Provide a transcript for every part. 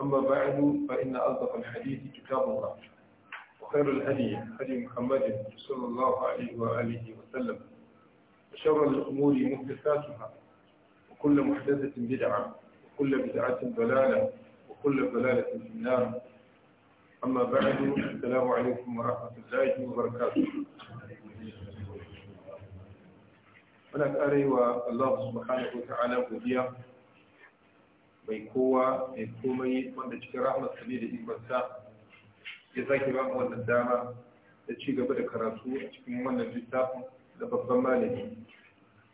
أما بعد فإن أصدق الحديث كتاب الله وخير الهدي هدي محمد صلى الله عليه وآله وسلم وشر الأمور محدثاتها وكل محدثة بدعة وكل بدعة ضلالة وكل ضلالة في النار أما بعد السلام عليكم ورحمة الله وبركاته أنا أري والله سبحانه وتعالى ta'ala mai kowa mai komai wanda cikin rahmat ne da ikonsa ya sake ba mu wannan dama da ci gaba da karatu a cikin wannan littafin da babban malami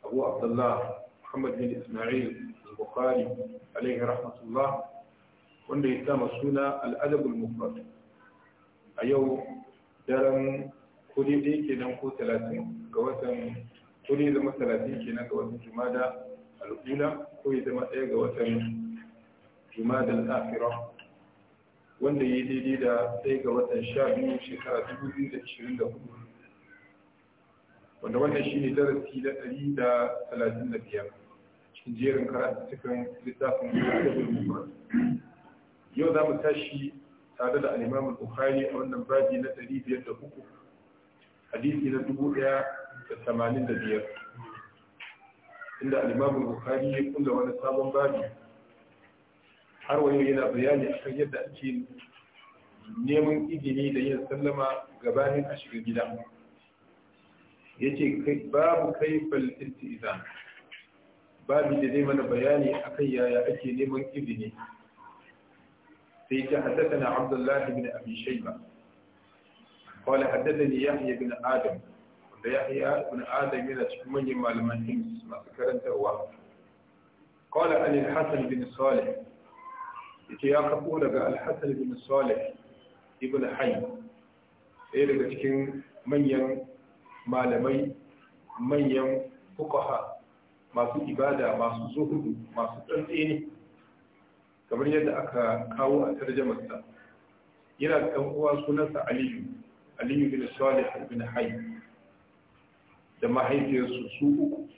abu abdullah muhammad bin ismail bukhari alaihi rahmatullah wanda ya sama suna al'adabul mufrad a yau daren kudi ɗaya nan ko talatin ga watan kudi zama talatin ke kenan ga watan jumada al'ula ko ya zama ɗaya ga watan jumadal akhira wanda ya yi daidai da ɗaya ga watan sha biyu shekara dubu biyu da ashirin da hudu wanda wannan shine darasi da ɗari da talatin da biyar cikin jerin karatu cikin littafin da yau za mu tashi tare da al'imam bukhari a wannan babi na ɗari biyar da hadisi na dubu ɗaya da tamanin da biyar inda al'imam bukhari ya kulla wani sabon babi har wani yana bayani a kan yadda ake neman izini da yin sallama gabanin a shiga gida ya ce babu kai falitinti izan babu da zai mana bayani a kan yaya ake neman izini sai ta haddasa na abdullahi bin abin shaiba kawai haddasa ne yahya bin adam da yahya bin adam yana cikin manyan malaman hims masu karantarwa kawai an yi hassan bin salih yace ya kafo daga al-hasan bin salih ibn hayy ɗaya daga cikin manyan malamai manyan fukaha masu ibada masu zuhudu masu tsantsini kamar yadda aka kawo a tarjamarsa yana da ɗan uwa sunansa aliyu aliyu bin salih bin hayy da mahaifiyarsu su uku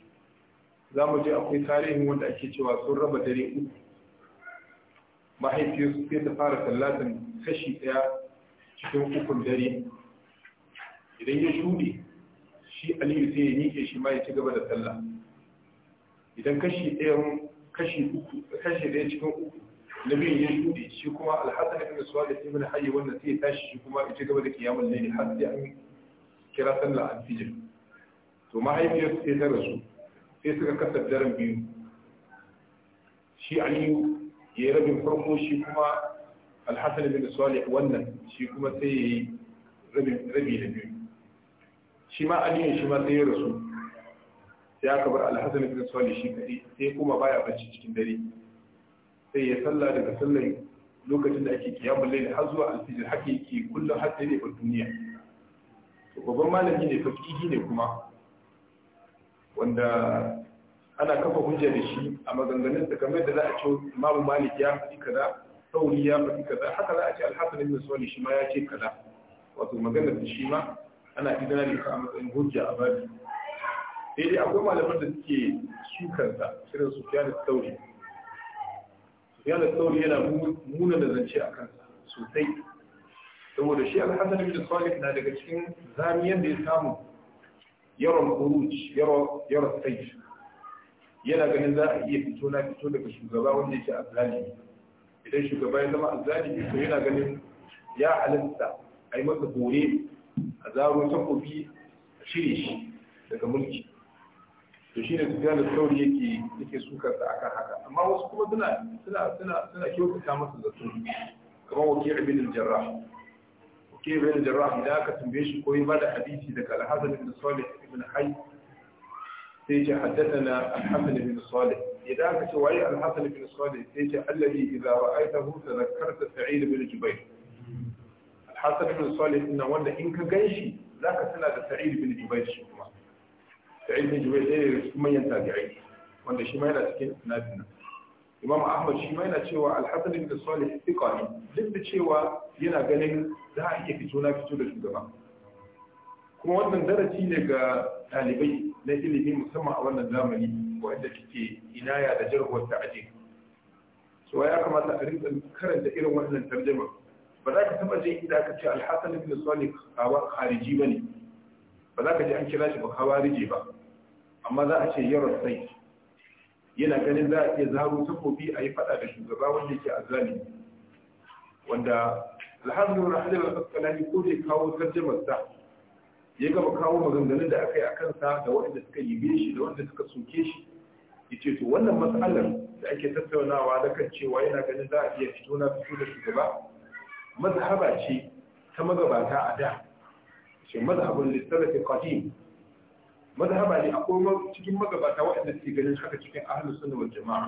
za mu je akwai tarihin wanda ake cewa sun raba dare uku mahaifiyarsu sai ta fara tallatin kashi ɗaya cikin ukun dare idan ya shuɗe shi aliyu sai ya miƙe shi ma ya ci gaba da sallah idan kashi ɗaya kashi uku kashi ɗaya cikin uku na biyun ya shuɗe shi kuma alhassan ibn suwali ibn hayy wannan sai ya tashi shi kuma ya ci gaba da kiyamul layli har sai an kira sallah an fijr to mahaifiyarsu sai ta rasu sai suka kasa daren biyu shi aliyu ya yi rabin farko shi kuma alhassan bin salih wannan shi kuma sai ya yi rabi da biyu shi ma aliyu shi ma sai ya rasu sai aka bar alhassan bin salih shi kaɗai sai kuma baya bacci cikin dare sai ya sallah daga sallar lokacin da ake kiyamul layl har zuwa alfijir haka yake kullum har sai ne ba duniya babban malami ne fakihi ne kuma wanda ana kafa hujja da shi a maganganun da kamar da za a ce imamu malik ya faɗi kaza sauri ya faɗi kaza haka za a ce alhassan ibn sawali shi ma ya ce kaza wato maganar da shi ma ana idana ne ka a matsayin hujja a babi sai dai akwai malaman da suke sukansa irin sufyan al sauri sufyan al-thawri yana muna da zance a kansa sosai saboda shi al-hasan ibn salih na daga cikin zamiyan da ya samu yaron khuruj yaron sai. yana ganin za a iya fito na fito daga shugaba wanda yake azali idan shugaba ya zama azzalimi to yana ganin ya halatta a yi masa gore a zaro takobi a shirye shi daga mulki to shi ne sufyan da sauri yake yake suka sa akan haka amma wasu kuma suna suna suna suna kyautata masa zato kamar wakil ibn al-jarrah wakil ibn al-jarrah idan aka tambaye shi ko ya bada hadisi daga al-hasan ibn salih ibn hayy sai ce haddathana al-hasan bin salih idan ka ce waye al-hasan bin salih sai ce allazi idza ra'aytahu tadhakkarta sa'id bin jubayr al-hasan bin salih inna wanda in ka ganshi zaka tana da sa'id bin jubayr shi kuma sa'id bin jubayr sai ne cikin manyan tabi'ai wanda shi ma yana cikin nafin imam ahmad shi ma yana cewa al-hasan bin salih thiqa duk da cewa yana ganin za a iya fito na fito da shugaba kuma wannan darasi ne ga talibai na ilimi musamman a wannan zamani wanda suke inaya da jarhuwar ta'adi so ya kamata a rinka karanta irin wannan tarjuma ba za ka taba jin inda aka ce alhassan ibn salih kawa khariji bane ba za ka ji an kira shi ba khawarije ba amma za a ce yaron sai yana ganin za a iya zaro takobi a yi fada da shugaba wanda yake azali wanda alhassan ibn rahman ko dai kawo tarjumar sa ya gaba kawo maganganun da aka yi a kansa da waɗanda suka yi shi da waɗanda suka soke shi ya ce to wannan matsalar da ake tattaunawa da kan cewa yana ganin za a iya fito na fito da shugaba mazhaba ce ta magabata a da ce mazhabin littafi qadim mazhaba ne a koma cikin magabata waɗanda suke ganin haka cikin ahlus sunna wal jama'a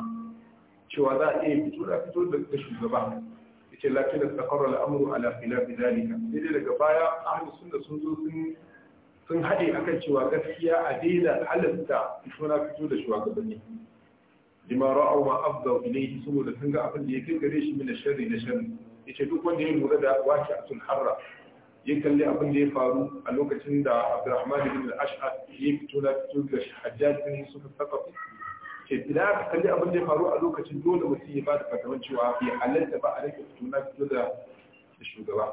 cewa za a iya fito da fito da shugaba Ya ce lakin da sakara al'amru ala khilaf dalika sai daga baya ahlus sunna sun zo sun sun haɗe akan cewa gaskiya a daina halatta fito fito da shugabanni lima ra'au ma afdau ilayhi saboda sun ga abin da ya kai gare shi min sharri na sharri yace duk wanda ya lura da waqi'atul harra ya kalli abin da ya faru a lokacin da Abdurrahman ibn al-Ash'ab ya fito na fito da Hajjaj bin Yusuf al-Thaqafi ce bila ka kalli abin da ya faru a lokacin dole mutum ya ba da fatawan cewa bai halalta ba a rike fito na fito da shugaba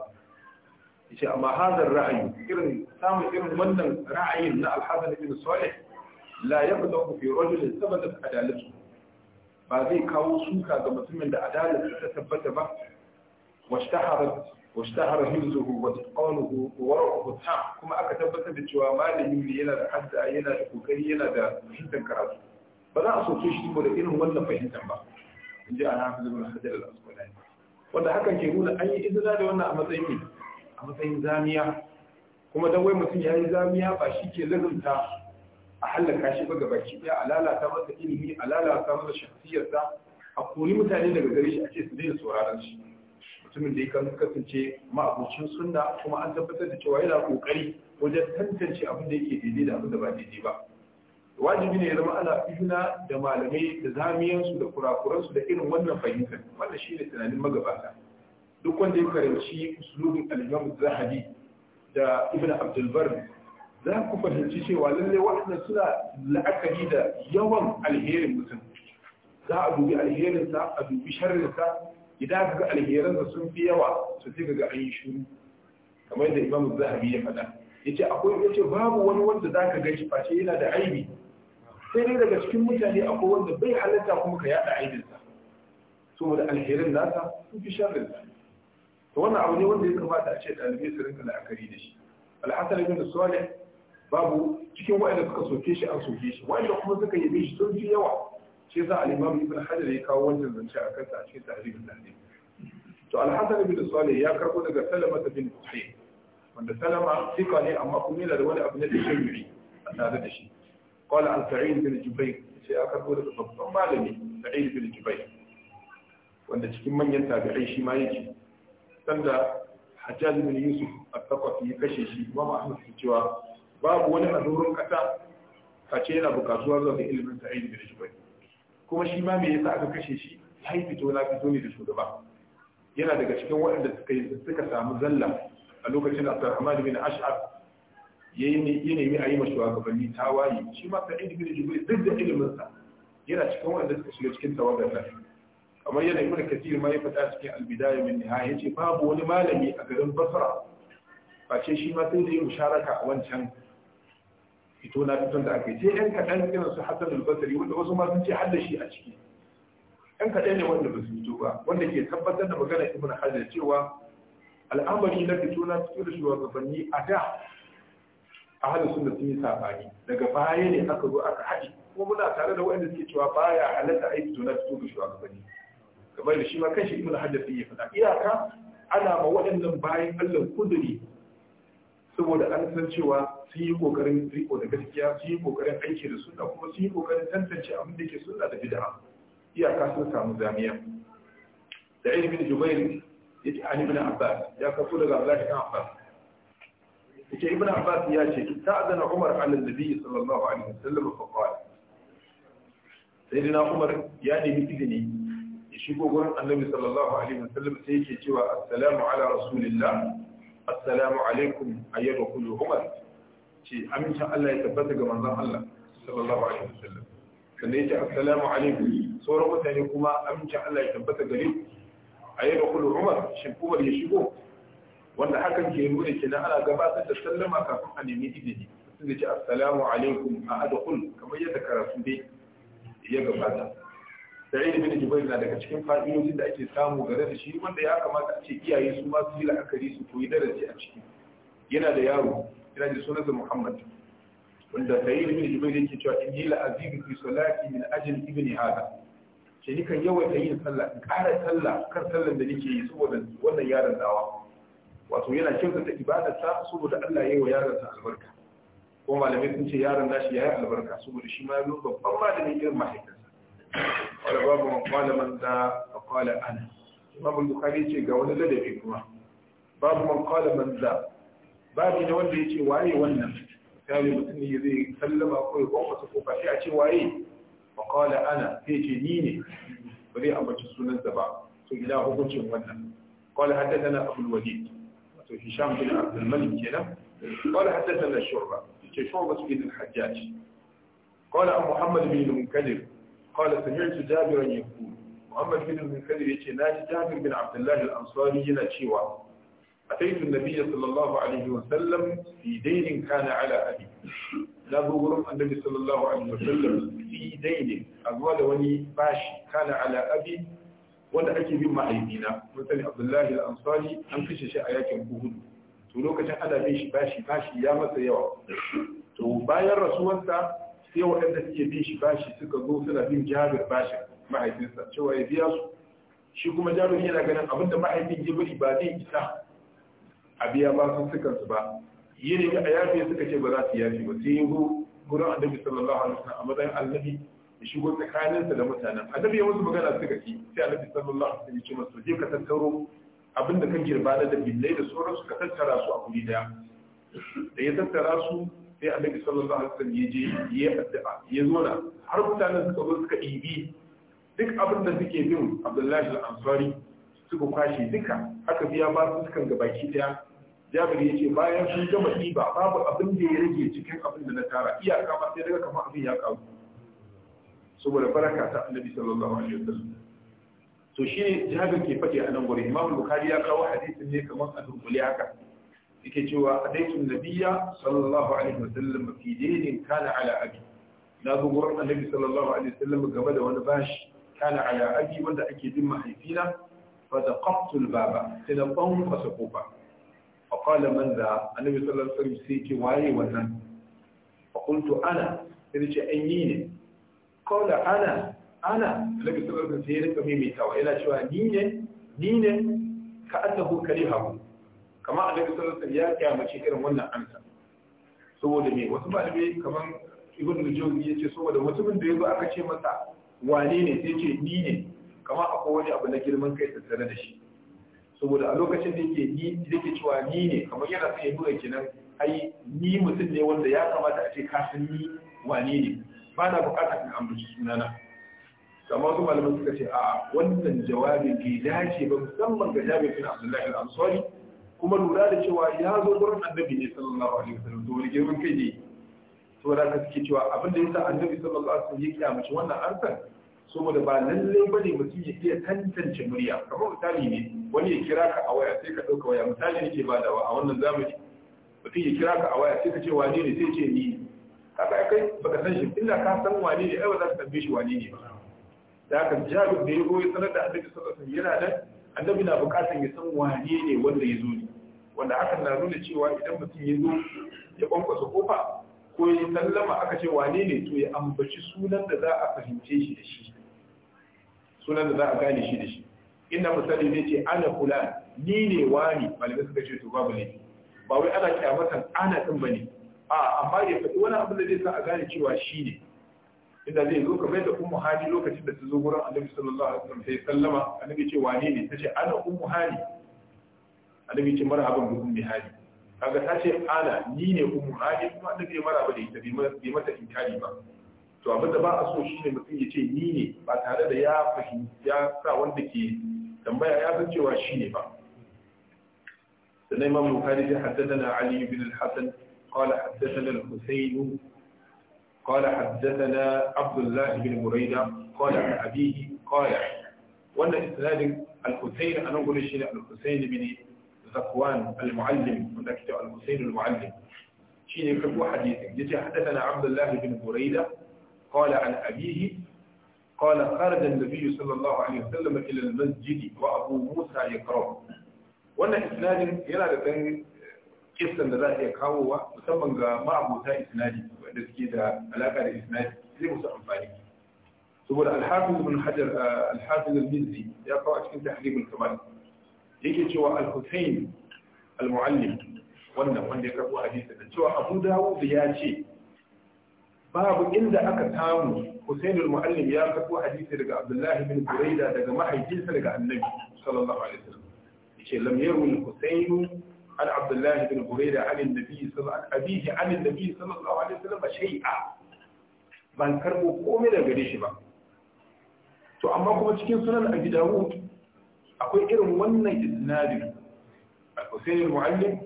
yace amma hadar ra'ayi irin samun irin wannan ra'ayin na alhazan hasan ibn salih la yabdu fi rajul sabata adalatu ba zai kawo suka ga mutumin da adalatu ta tabbata ba washtahara washtahara hilzuhu wa taqaluhu wa wara'uhu ta kuma aka tabbatar da cewa malami ne yana da hadda yana da kokari yana da fahimtar karatu ba za a soke shi da irin wannan fahimtar ba in ji ana hafizu bin hajar al-asqalani wanda hakan ke nuna an yi izina da wannan a matsayin matsayin zamiya kuma dan wai mutum ya yi zamiya ba shi ke lazumta a hallaka shi ba gabaki ɗaya a lalata masa ilimi a lalata masa shakhsiyarsa a kori mutane daga gare shi a ce su daina sauraron shi mutumin da ya kan kasance ma'abocin sunna kuma an tabbatar da cewa yana kokari wajen tantance abin da yake daidai da abin da ba daidai ba wajibi ne ya zama ana ihuna da malamai da zamiyansu da kurakuransu da irin wannan fahimtar wannan shi ne tunanin magabata duk wanda ya karanci usulubin al-imam zahabi da ibn abdulbar za ku fahimci cewa lalle waɗanda suna la'akari da yawan alherin mutum za a dubi alherinsa a dubi sharrinsa idan aka ga alheransa sun fi yawa su sai ga an yi shuru kamar yadda imam zahabi ya faɗa ce akwai yace babu wani wanda zaka ka shi face yana da aibi sai dai daga cikin mutane akwai wanda bai halatta kuma ka yada aibinsa saboda alherin nasa sun fi sharrinsa to wannan abu ne wanda ya kamata a ce ɗalibai su rinka la'akari da shi alhassan ibn salih babu cikin wa'anda suka soke shi an soke shi wa'anda kuma suka yabe shi sun fi yawa shi yasa al-imam ibn hajar ya kawo wannan zance a kansa a cikin tarihin tahzib to al-hasan ibn salih ya karbo daga salama bin tuhayy wanda salama sika ne amma kuma yana da wani abu ne da shari'i a tare da shi qala an sa'id bin jubayr sai ya karbo daga babban malami sa'id bin jubayr wanda cikin manyan tabi'ai shi ma yake sanda hajjaj bin yusuf at-taqafi ya kashe shi imam ahmad ke cewa babu wani azurin kasa face yana bukatuwa zuwa ga ilimin sa'id bin jubair kuma shi ma me yasa aka kashe shi sai fito na fito ne da shugaba yana daga cikin waɗanda suka suka samu zalla a lokacin Abdurrahman bin Ash'ab yayin ya nemi a yi mashi shugabanni tawaye shi ma sa'id bin jubair duk da ilimin sa yana cikin waɗanda suka shiga cikin tawagar lafiya kamar yadda ibn kathir ma ya fada cikin al-bidaya min nihaya yace babu wani malami a garin basra Ba ce shi ma sai da yi musharaka a wancan fito na fiton da aka yi sai yan kaɗan irin su hassan al-basri wanda wasu ma sun ce hadda shi a ciki yan kaɗan ne wanda ba su fito ba wanda ke tabbatar da magana ibn hajar cewa al'amari na fito na fito da shugabanni a da a halin sun da sun yi saɓani. daga baya ne aka zo aka haɗe kuma muna tare da waɗanda suke cewa baya halatta aiki to na fito da shugabanni kamar da shi ma kanshi ibn hajar ya faɗa iyaka ana ma waɗannan bayan Allah kuduri saboda an san cewa sun yi kokarin riko da gaskiya sun yi kokarin aiki da sunna kuma sun yi kokarin tantance abin da ke sunna da bid'a iyaka sun samu zamiya da bin jubair yake an ibn abbas ya kafu daga Allah ibn abbas yake ibn abbas ya ce ta azana umar ala nabi sallallahu alaihi wasallam fa qala sayyidina umar ya nemi izini ya shigo gurin annabi sallallahu alaihi wa sallam sai yake cewa assalamu ala rasulillah assalamu alaikum ayyuha kullu umar ce amincin Allah ya tabbata ga manzon Allah sallallahu alaihi wa sallam sannan yace assalamu alaikum sauran mutane kuma amincin Allah ya tabbata gare ku ayyuha kullu umar shin umar ya shigo wanda hakan ke nuna kenan ana gabatar da sallama kafin a nemi izini sun ce assalamu alaikum a adkhul kamar yadda karatu dai ya gabata sa'id bin jubair na daga cikin fa'idojin da ake samu gare da shi wanda ya kamata a ce iyaye su ma su yi la'akari su koyi darasi a ciki yana da yaro yana da da muhammad wanda sa'id bin jubair yake cewa in yi la'azi fi salati min ajin ibni hada ce ni kan yawaita yin sallah in ƙara sallah kan sallan da nake yi saboda wannan yaron dawa wato yana kyautata ibadarsa saboda Allah ya yi wa yaronsa albarka ko malamai sun ce yaron nashi ya yi albarka saboda shi ma yau babban malamin irin mahaifinsa wala babu man qala man ana ce ga wani ladabi kuma babu man man za babu ne wanda ce waye wannan mutum ne zai sallama ko ya kofa ko ba sai a ce waye wa ana sai ce ni ne ba zai ambaci sunansa ba to ila hukuncin wannan qala haddathana abul walid to hisham bin abd al-malik kenan qala shurba ce shurba bin al-hajjaj قال Muhammadu بن المنكدر قال سمعت جابرا يقول محمد بن المنكدر يجي ناجي جابر بن عبد الله الأنصاري ينا شيوا أتيت النبي صلى الله عليه وسلم في دين كان على أبي لا بغرم النبي صلى الله عليه وسلم في دين أقوال وني باشي كان على أبي wanda ake bin ma'aikina mun sani abdullahi al'ansari an kashe shi a yakin buhudu to lokacin ana bin shi bashi bashi ya masa yawa to bayan rasuwarsa sai waɗanda suke bin shi bashi suka zo suna bin jabir bashin mahaifinsa cewa ya biya su shi kuma jabir yana ganin abinda mahaifin jibiri ba zai isa a biya ba sun sukan su ba yi ne a yafi suka ce ba za su yafi ba sai yi gurin annabi sallallahu alaihi wasallam a matsayin annabi ya shigo tsakaninsa da mutanen annabi ya wasu magana suka ci sai annabi sallallahu alaihi wasallam ya ce masu je ka tattaro abinda kan girba da dabillai da sauransu ka tattara su a guri daya da ya tattara su sai annabi sallallahu alaihi wasallam ya je ya addu'a ya zo na har mutanen suka zo suka ibi duk abin da suke bin Abdullahi al-Ansari suka kwashe duka aka biya ba su sukan gabaki daya Jabir ya ce bayan sun gama ɗiba babu abin da ya rage cikin abin da na tara iyaka ma sai daga kama abin ya karu saboda baraka ta annabi sallallahu alaihi wasallam to shi ne jabir ke faɗi a nan gurin imam bukhari ya kawo hadisin ne kamar a dunkule haka yake cewa adaitun nabiyya sallallahu alaihi wasallam fi dinin kana ala abi na zo gurin annabi sallallahu alaihi wasallam game da wani bashi kana ala abi wanda ake bin mahaifina fa daqaqtu al-baba sai da ban fasa kofa fa qala man da annabi sallallahu alaihi wasallam sai ki waye wannan fa qultu ana sai ce an yi ne qala ana ana annabi sallallahu alaihi wasallam sai ya rika maimaitawa yana cewa ni ne ni ne ka annahu karihahu kamar a sallallahu alaihi wasallam ya kyamace irin wannan amsa saboda me wasu malamai kamar ibn ya yace saboda mutumin da zo aka ce masa wane ne sai ce ni ne kamar akwai wani abu na girman kai tattare da shi saboda a lokacin da yake ni yake cewa ni ne kamar yana sai ya kenan ai ni mutum ne wanda ya kamata a ce ka san ni wane ne ba na bukatar in ambaci sunana kamar su malamai suka ce a wannan jawabi bai dace ba musamman ga jami'in abdullahi al-ansari kuma lura da cewa ya zo gurin annabi ne sallallahu alaihi wasallam to wani girman kai ne to da ka suke cewa abin da yasa annabi sallallahu alaihi wasallam ya kiyamace wannan ansan saboda ba lalle bane mutum ya iya tantance murya kamar misali ne wani ya kira ka a waya sai ka dauka waya misali ke badawa a wannan zamani mutum ya kira ka a waya sai ka ce wane ne sai ce ni kaga kai baka san shi illa ka san wane ne ai ba za ka tambaye shi wane ne ba da haka jabir da ya goyi sanar da annabi sallallahu alaihi wasallam yana nan annabi na bukatar ya san wane ne wanda ya zo ne wanda hakan na nuna cewa idan mutum ya zo ya bankwasa kofa ko ya sallama aka ce wane ne to ya ambaci sunan da za a fahimce shi da shi sunan da za a gane shi da shi inda misali ne ce ana kula ni ne wani malamai suka ce to babu ne ba wai ana kyamatan ana din ne. a amma ya faɗi wani abu da zai sa a gane cewa shi ne inda zai zo kamar da ummu hani lokacin da ta zo gurin annabi sallallahu alaihi wasallam sai sallama annabi ce wane ne tace ana ummu hani annabi ce mara abin bi ummi hali kaga ta ce ana ni ne ummu hali kuma annabi marhaba da ita bai mata inkari ba to abin da ba a so shine mutum ya ce ni ne ba tare da ya fahimci ya sa wanda ke tambaya ya san cewa shi ne ba sannan imam bukhari ya haddathana ali ibn al-hasan qala haddathana al-husayn قال حدثنا عبد الله بن بريدة قال عن أبيه قال وأن إسناد الحسين أنا أقول شيء الحسين بن صفوان المعلم هذا المسير المعلم شيء يحبه حديثه يجي حدثنا عبد الله بن بريدة قال عن أبيه قال خرج النبي صلى الله عليه وسلم إلى المسجد وأبو موسى يقرأ وأن إسناد يرى رتن قصة ذات يقرأ مسمى ما أبو موسى إسناد ونسكي ذا ألاقى لإسناد إذن موسى أمفاني الحافظ بن حجر آه، الحافظ المزي يقرأ في تحريم الكمال yake cewa al-Husayn al-Muallim wannan wanda ya karbo hadisi da cewa Abu Dawud ya ce babu inda aka samu Husayn al-Muallim ya karbo hadisi daga Abdullah ibn Buraida daga mahaifinsa daga Annabi sallallahu alaihi wasallam yace lam yaru al-Husayn عن عبد الله بن هريرة عن النبي صلى الله عليه عن النبي صلى الله ban karbo komai daga gare shi ba to amma kuma cikin sunan abi dawud akwai irin wannan isnadin Hussein Mu'allim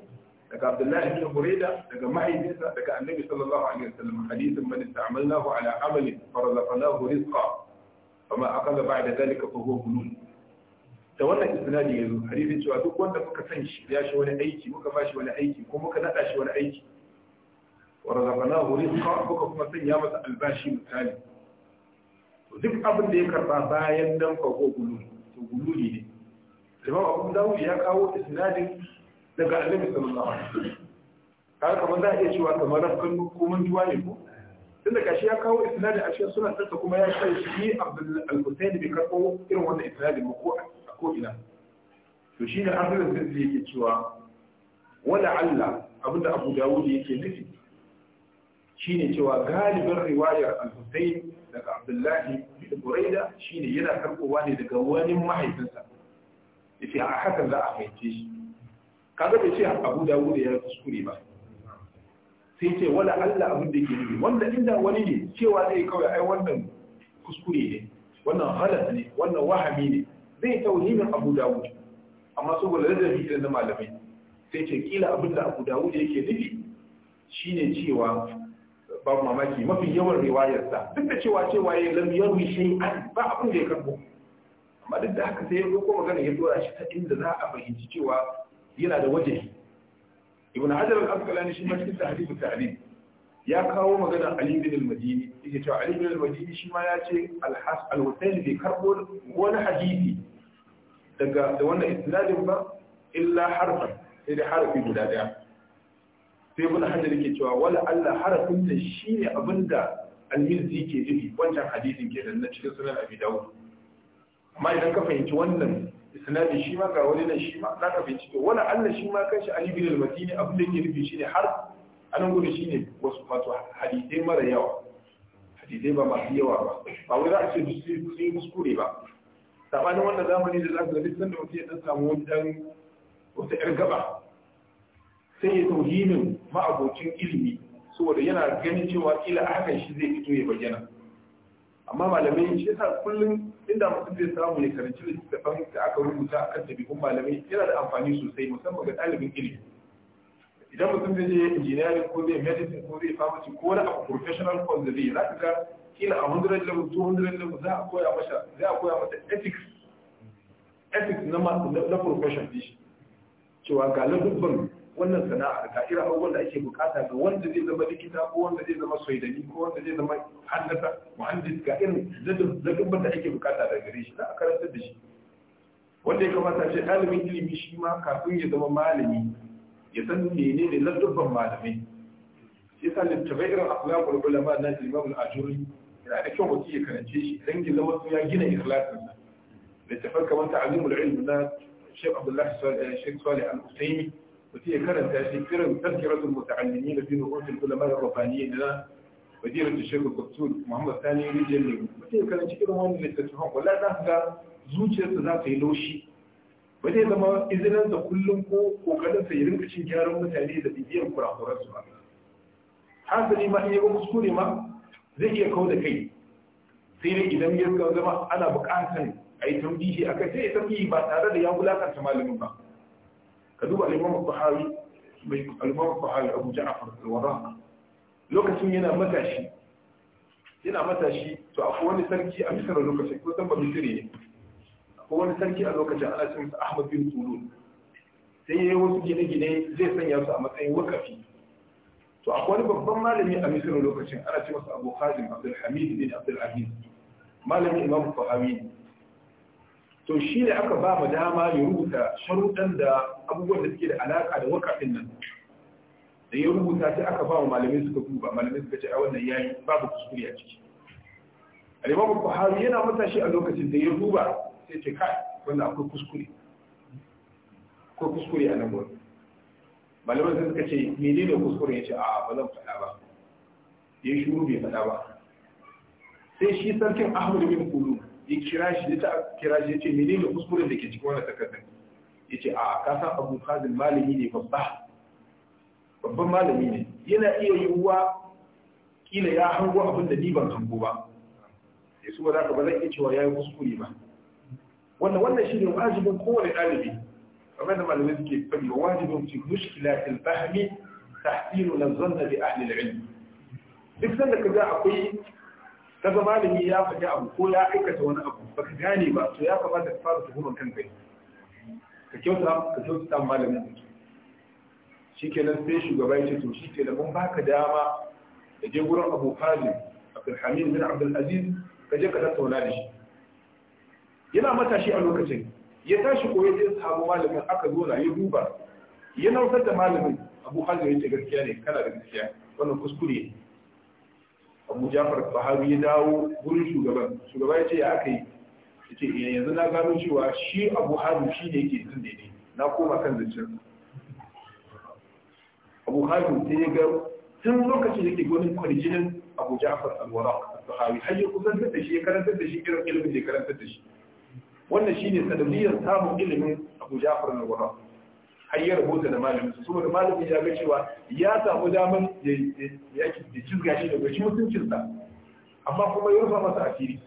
daga Abdullahi ibn Buraida daga mahaifinsa daga Annabi sallallahu alaihi wasallam hadithin man ista'malnahu ala amalin farzaqnahu rizqa fama aqala ba'da dhalika fa huwa bunun da wannan isnadi yazo hadithin cewa duk wanda muka san shi ya shi wani aiki muka bashi wani aiki ko muka nada shi wani aiki warzaqnahu rizqa muka kuma sanya masa albashi misali to duk abin da ya karba bayan dan fa huwa bunun to bununi ne imam abu dawud ya kawo isnadin daga annabi sallallahu alaihi wasallam kaga kamar za a iya cewa kamar rafkan hukuman duwa ne ko tunda kashi ya kawo isnadin a cikin sunan ɗansa kuma ya kai shi abdul al-husayn bai karɓo irin wannan isnadin ba ko a ko ina to shi ne ahlul zirzi yake cewa wala alla abinda abu Dawudi yake nufi shine cewa galibin riwayar al-husayn daga abdullahi bin buraida shine yana karɓowa ne daga wani mahaifinsa yace a haka za a haife shi kaga bai ce Abu Dawud ya kuskure ba sai ce wala Allah abin da yake nufi wanda inda wani ne cewa zai kawai ai wannan kuskure ne wannan halal ne wannan wahami ne zai tauhimin Abu Dawud amma saboda ladabi irin na malamai sai ce kila abin da Abu Dawud yake nufi shine cewa babu mamaki mafi yawan sa duk da cewa cewa ya lam yarwi shay'an ba abin da ya karbo amma duk da haka sai ya ko magana ya dora shi ta inda za a fahimci cewa yana da waje ibn hajar al-asqalani shi ma cikin tahdibu ta'lim ya kawo magana ali bin al-madini yake cewa ali bin al-madini shi ma ya ce al-has al-husayn bai karbo wani hadisi daga da wannan isnadin ba illa harfan sai da harfi guda daya sai ibn hajar yake cewa wala Allah harafin da shine abinda al mizzi ke nufi wancan hadisin ke da na cikin sunan abi dawud amma idan ka fahimci wannan isnadi shi ma ga wani nan shi ma za ka fahimci to wani Allah shi ma kanshi Ali bin al-Madini abin da yake nufi shine har anan gudu shine wasu wato hadisai mara yawa hadisai ba masu yawa ba ba wai za a ce su yi kuskure ba sabanin wannan zamani da za ka zabi sanda mutum ya dan samu wani dan wata yar gaba sai ya tauhinin ma'abocin ilimi saboda yana ganin cewa kila a hakan shi zai fito ya bayyana amma malamai shi yasa kullum inda mutum zai samu ne karanci littattafan da aka rubuta akan ɗabi'un malamai yana da amfani sosai musamman ga ɗalibin ilimi idan mutum zai je engineering ko zai medicine ko zai pharmacy ko wani abu professional course da zai za ka ga kila a 100 level 200 level za a koya masa za a koya masa ethics ethics na na profession din shi cewa ga ladubban wannan sana'ar ka ira abubuwan da ake bukata ga wanda zai zama likita ko wanda zai zama soidani ko wanda zai zama haddasa muhandis ga irin zagabban da ake bukata da gare shi za a karantar da shi wanda ya kamata ce ɗalibin ilimi shi ma kafin ya zama malami ya san mene ne lardubban malamai shi sa littattafai irin akhlaqul ulama na imam al-ajuri yana da kyau mutum ya karance shi dan gina wasu ya gina ikhlasin sa littattafai kamar ta'alimul ilmi na Sheikh abdullahi Sheikh Salih Al-Usaimi mutum ya karanta shi kiran tazkiratul muta'allimi da bin rukunin ulama rabbani na wazirin da shekul kutsul muhammad sani rijiyar ne mutum ya karanci irin wannan littattafan wala za ka zuciyarsa za ta yi laushi ba zai zama izinansa kullum ko kokarinsa ya rinka cin gyaran mutane da bibiyar kurakurarsu ba hasali ma in yaga kuskure ma zai iya kau da kai sai da idan ya zama ana buƙatar a yi a kai ya ba tare da ya wulakanta malamin ba ka duba al-imam al-tahawi mai al-imam al-tahawi abu ja'far al-warraq lokacin yana matashi yana matashi to akwai wani sarki a misra lokacin ko san ba misri ne akwai wani sarki a lokacin ana cin sa ahmad bin tulun sai yayi wasu gine-gine zai sanya su a matsayin wakafi to akwai wani babban malami a misra lokacin ana ce masa abu khazim abdul hamid bin abdul aziz malamin imam al-tahawi to shi ne aka ba mu dama ya rubuta sharuɗan da abubuwan da suke da alaƙa da wakafin nan da ya rubuta sai aka ba mu malamai suka duba malamai suka ce a wannan yayi babu kuskure a ciki alimamu buhari yana matashi a lokacin da ya duba sai ce kai wanda akwai kuskure ko kuskure a nan gurin malamai sai suka ce menene kuskure ya ce a ba zan faɗa ba ya shuru bai faɗa ba sai shi sarkin ahmadu bin kulu ya kira shi ta kira shi yace menene kuskuren da ke cikin wannan takardar yace a ka san Abu Hazim malami ne babba babban malami ne yana iya yiwuwa kila ya hango abin da ni ban hango ba sai su ba za ka ba zan iya cewa yayi kuskure ba wannan wannan shine wajibin kowane dalibi kamar da malamin suke fadi wajibin fi mushkilatil fahmi tahsilu lan zanna bi ahli al-ilm duk sanda ka kaga akwai kaga malami ya faɗi abu ko ya aikata wani abu ba ka gane ba to ya kamata ka fara tuhumar kan kai ka kyauta ka kyauta malamin da shikenan sai shugaba ya ce to shi shikenan mun baka dama da je gurin Abu Fazil Abdulhamid bin Abdul Aziz ka je ka tattauna da shi yana matashi a lokacin ya tashi koyi je samu malamin aka zo na ya duba ya nausar da malamin Abu Fazil ya ce gaskiya ne kana da gaskiya wannan kuskure abu jafar bahari ya dawo gurin shugaban shugaba ya ce ya aka yi ya ce eh, yanzu na gano cewa shi abu haru shi ne yake jin daidai na koma kan zancen abu haru sai ya ga tun lokacin da yake gwanin kwarjinin abu jafar alwara bahari har ya kusantar da shi ya karantar da shi irin ilimin da ya karantar da shi wannan shi ne sanadiyar samun ilimin abu jafar alwara har ya rubuta da malamin su saboda malamin ya ga cewa ya samu damar da cizga shi daga shi mutuncinsa amma kuma ya rufa masa asiri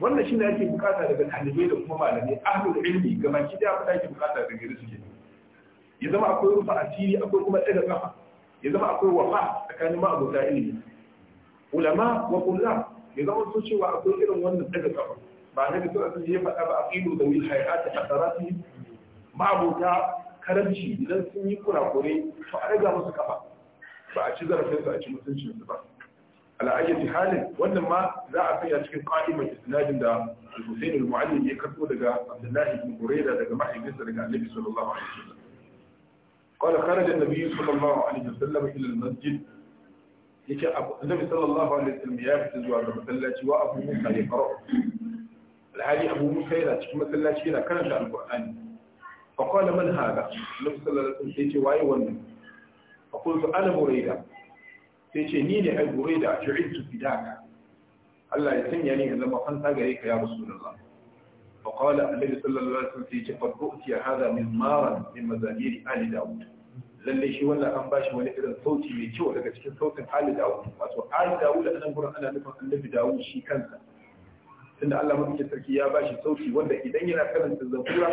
wannan shi ne ake bukata daga ɗalibai da kuma malamai ahlul ilmi ga baki da abin ake bukata daga gari suke ya zama akwai rufa asiri akwai kuma ɗaga kafa ya zama akwai wafa tsakanin ma'abota ilimi ulama wa kullum ya zama so cewa akwai irin wannan daga kafa ba na gaso su je faɗa ba a ƙilu da wil hayata a tsarati ma'abota karanci idan sun yi kurakure to a daga musu kafa ba a ci zarafin su a ci mutuncin su ba ala ayyati halin wannan ma za a sanya cikin mai isnadin da Hussein al-Mu'allim ya karbo daga Abdullahi ibn Hurayra daga mahaifinsa daga Annabi sallallahu alaihi wasallam قال خرج النبي صلى الله عليه وسلم الى المسجد yake annabi sallallahu alaihi wasallam ya fita zuwa ga masallaci wa abu musa ya fara alhali abu musa yana cikin masallaci yana karanta alqur'ani fa qala man hada annabi sallallahu alaihi wasallam sai ce waye wannan فقلت أنا بريدة سيشني لأي بريدة جعلت فداك الله يسنيني إذا ما قلت أجريك يا رسول الله فقال النبي صلى الله عليه وسلم سيشي قد رؤتي هذا من مارا من مزامير آل داود lalle shi wannan an bashi wani irin sauti mai kyau daga cikin sautin Ali Dawud wato Ali Dawud a nan gurin ana nufin Annabi Dawud shi kansa tunda Allah madaukakin sarki ya bashi sauti wanda idan yana karanta zabura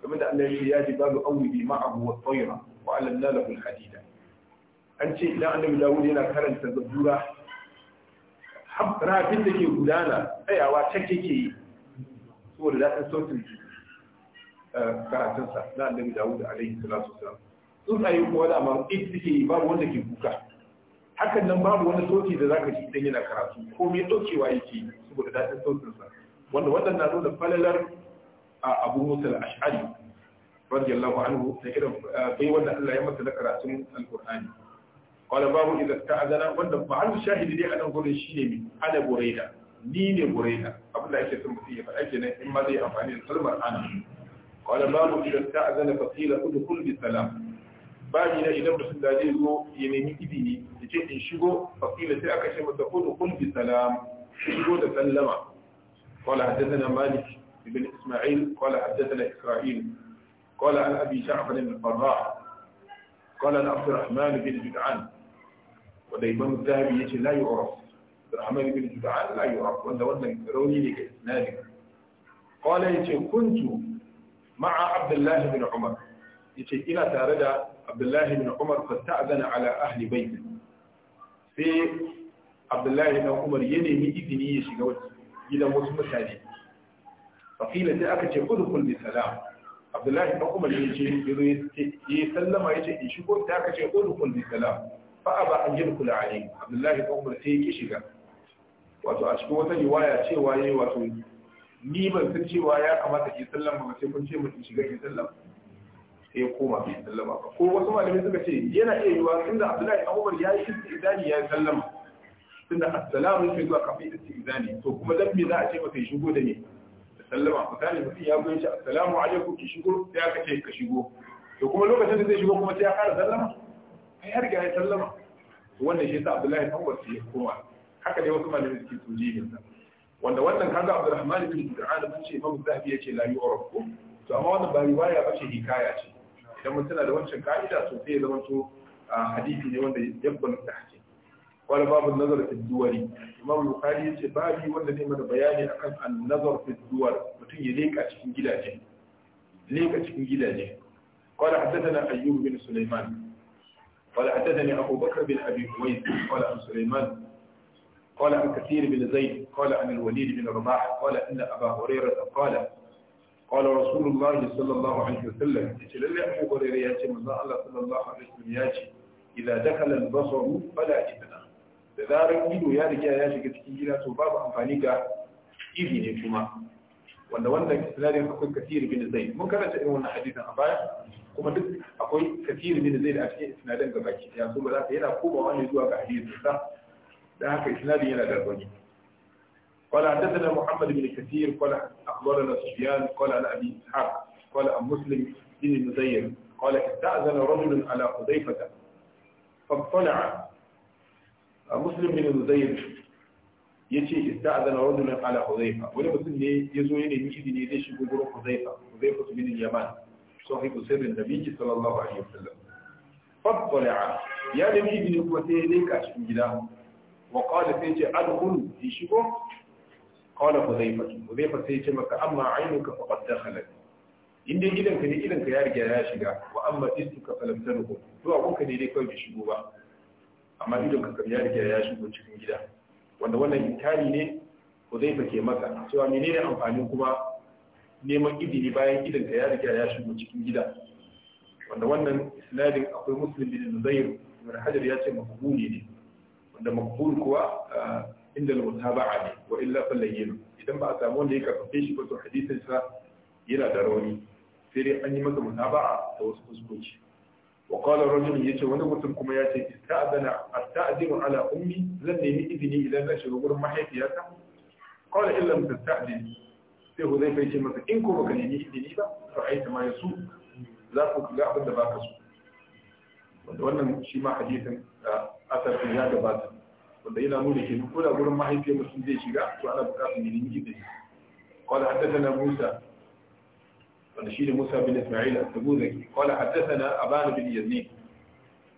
kamar da Allah ya ya ji babu awwi bi ma'ahu wa tayra wa alamna lahu al-hadida an ce idan annabi dawud yana karanta zabura rafin da ke gudana tsayawa can yake yi saboda daɗin sautin eh, karatunsa na annabi dawud alaihi salatu wasalam tsuntsaye kuwa da amma it suke yi babu wanda ke kuka hakan nan babu wani sauti da zaka ji idan yana karatu komai ɗaukewa yake saboda daɗin sautinsa wanda wannan na nuna falalar a abu musa al-ash'ari radiyallahu anhu da irin eh, bai wanda Allah ya masa na karatun alqur'ani qala babu idza ta'adana wanda ma'al shahidi dai anan gurin shine mi ana buraida ni ne buraida abin da ake son mutum ya faɗa kenan in ma zai amfani da kalmar ana qala babu idza ta'adana fa qila udkhul bi salam ni na idan mutum da zai zo ya nemi izini ya ce in shigo fa qila sai aka ce masa udkhul bi salam shigo da sallama qala hadathana malik ibn isma'il qala hadathana isra'il قال عن أبي جعفر القراء قال عن عبد الرحمن بن جدعان wanda imam zabi yace la yu'raf Abdurrahman ibn Jud'an la yu'raf wanda wannan rauni ne ga isnadin qala yace kuntu ma'a Abdullahi bin Umar Ya ce ina tare da Abdullahi bin Umar fasta'zana ala ahli bayt sai Abdullahi bin Umar ya nemi izini ya shiga gidan wasu mutane fakila sai aka ce udkhul bi salam Abdullahi bin Umar ya ce ya sallama ya ce in shigo sai aka ce udkhul bi salam fa aba an yadkhul alayhi abdullahi ibn umar sai ki shiga wato a cikin wata riwaya cewa yayi wato ni ban san cewa ya kamata ki sallama ba sai kun ce mutum shiga ki sallama sai koma bai sallama ba ko wasu malamai suka ce yana iya yiwa tunda abdullahi ya yi umar yayi ya yi sallama tunda assalamu sai zuwa kafin istidani to kuma dan me za a ce masa shigo da me sallama misali mutum ya goyi shi assalamu alaikum ki shigo sai aka ce ka shigo to kuma lokacin da zai shigo kuma sai ya fara sallama ai har ya sallama wannan shi sa Abdullahi dan Umar ya koma haka dai wasu malamai suke tujihin sa wanda wannan kaga Abdurrahman ibn Qur'an mun ce Imam Zahabi yace la yu'raf to amma wannan ba riwaya ba ce hikaya ce idan mun tana da wancan ka'ida to sai ya zama to hadisi ne wanda yabban tahqiq wala babu nazar fi duwari imam bukhari yace babu wanda zai mana bayani akan an nazar fi duwar mutum ya leka cikin gidaje leka cikin gidaje qala hadathana ayyub bin sulaiman قال حدثني أبو بكر بن أبي هويد قال عن سليمان قال عن كثير بن زيد قال عن الوليد بن رباح قال إن أبا هريرة قال قال رسول الله صلى الله عليه وسلم يتلل أبو هريرة ياتي من الله صلى الله عليه وسلم ياتي إذا دخل البصر فلا إذن da zarar ido ya riga ya shiga cikin gida to babu amfani ga izini kuma wanda wannan sinadin akwai kasir bin zai mun karanta irin wannan hadisin a baya kuma duk akwai kasir bin zai a cikin ga baki ya so ba za ka yana komawa ne zuwa ga hadisin sa da haka sinadin yana da rauni قال حدثنا محمد بن كثير قال اخبرنا سفيان قال عن ابي اسحاق قال عن مسلم بن المزير قال استاذن رجل على حذيفه فاطلع مسلم بن المزير yace ista'zana rajulun ala huzaifa wani mutum ne yazo ya nemi izini zai shigo gurin huzaifa huzaifa bin yaman sahibu sirrin nabiyyi sallallahu alaihi wasallam fattala'a ya nemi izini kuma sai ya leka cikin gida wa qala sai ce adkhul fi shigo qala huzaifa huzaifa sai ya ce maka amma ainuka faqad dakhalat inda gidanka ne gidanka ya riga ya shiga wa amma istuka falam tanhu to abunka ne dai kawai shigo ba amma gidanka kam ya riga ya shigo cikin gida wanda wannan inkari ne Huzaifa ke maka cewa menene amfanin kuma neman izini bayan idan ka ya riga ya shigo cikin gida wanda wannan isnadin akwai muslim bin Zubair ibn Hajar ya ce maqbuli ne wanda maqbul kuwa ah, inda al-mutaba'a ne wa illa falayyin idan ba a samu wanda ya karfafe shi ba to hadisin sa yana da rauni sai dai an yi masa mutaba'a da wasu fuskoki wa qala rajul yace wani mutum kuma yace ista'dana asta'dinu ala ummi zan nemi izini idan na shiga gurin mahaifiyata qala illa lam tasta'din sai huzaifa yace masa in ko baka nemi izini ba fa aita ma yasu za ku ga abin da baka so wanda wannan shi ma hadisin asar ya gabata wanda yana nuna kenan ko da gurin mahaifiyar mutum zai shiga to ana buƙatar nemi izini qala na musa ونشيد موسى بن إسماعيل السبوذكي قال حدثنا أبان بن يزيد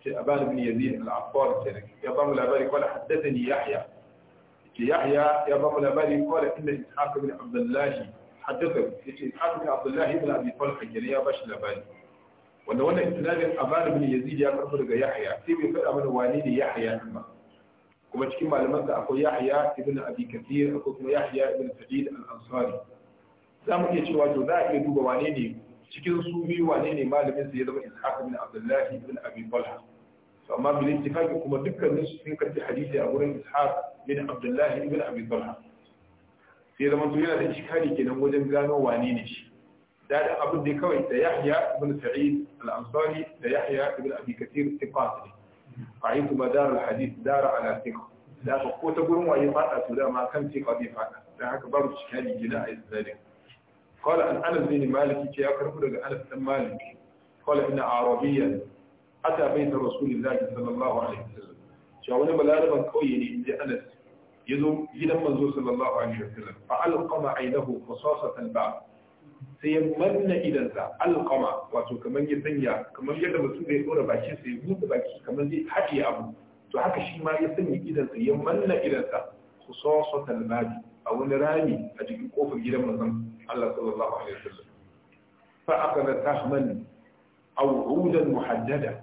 أبان بن يزيد العقبار الشركي يضم الأباري قال حدثني يحيى يحيى يضم الأباري قال إن إسحاق بن عبد الله حدثه إسحاق بن عبد الله بن أبي طلق الجريا يعني باش الأباري ونولى إسناد أبان بن يزيد يقرب لك يحيى كيف بفرع من والين يحيى أما كما تكيم على أخو يحيى ابن أبي كثير أخو يحيى ابن سعيد الأنصاري za mu iya cewa to za a iya duba wane ne cikin su biyu wane ne malamin su ya zama ishaq bin abdullahi bin abi talha to amma bil ittifaqi kuma dukkanin su sun karbi hadisi a wurin ishaq bin abdullahi bin abi talha sai zaman to yana da ishkali kenan wajen gano wane ne shi da abin da kawai da yahya ibn sa'id al-ansari da yahya ibn abi kathir thiqat ra'aytu madar al-hadith dara ala thiqah da ko ta gurin waye fada to da ma kan thiqah bai fada dan haka babu shikali gida a islamin qala an anas bin ce ya karbu daga anas bin malik qala inna arabiyyan ata bayta rasulillahi sallallahu alaihi wasallam cewa wani balaraban kauye ne da anas yazo gidan manzo sallallahu alaihi wasallam fa alqama aynahu qasasatan ba sai ya manna idansa alqama wato kamar ya sanya kamar yadda mutum zai dora bakin sa ya baki kamar haɗiye abu to haka shi ma ya sanya sa ya manna idansa qasasatan ba a wani rami a jikin kofar gidan manzon الله صلى الله عليه وسلم فأخذ سهما أو عودا محددا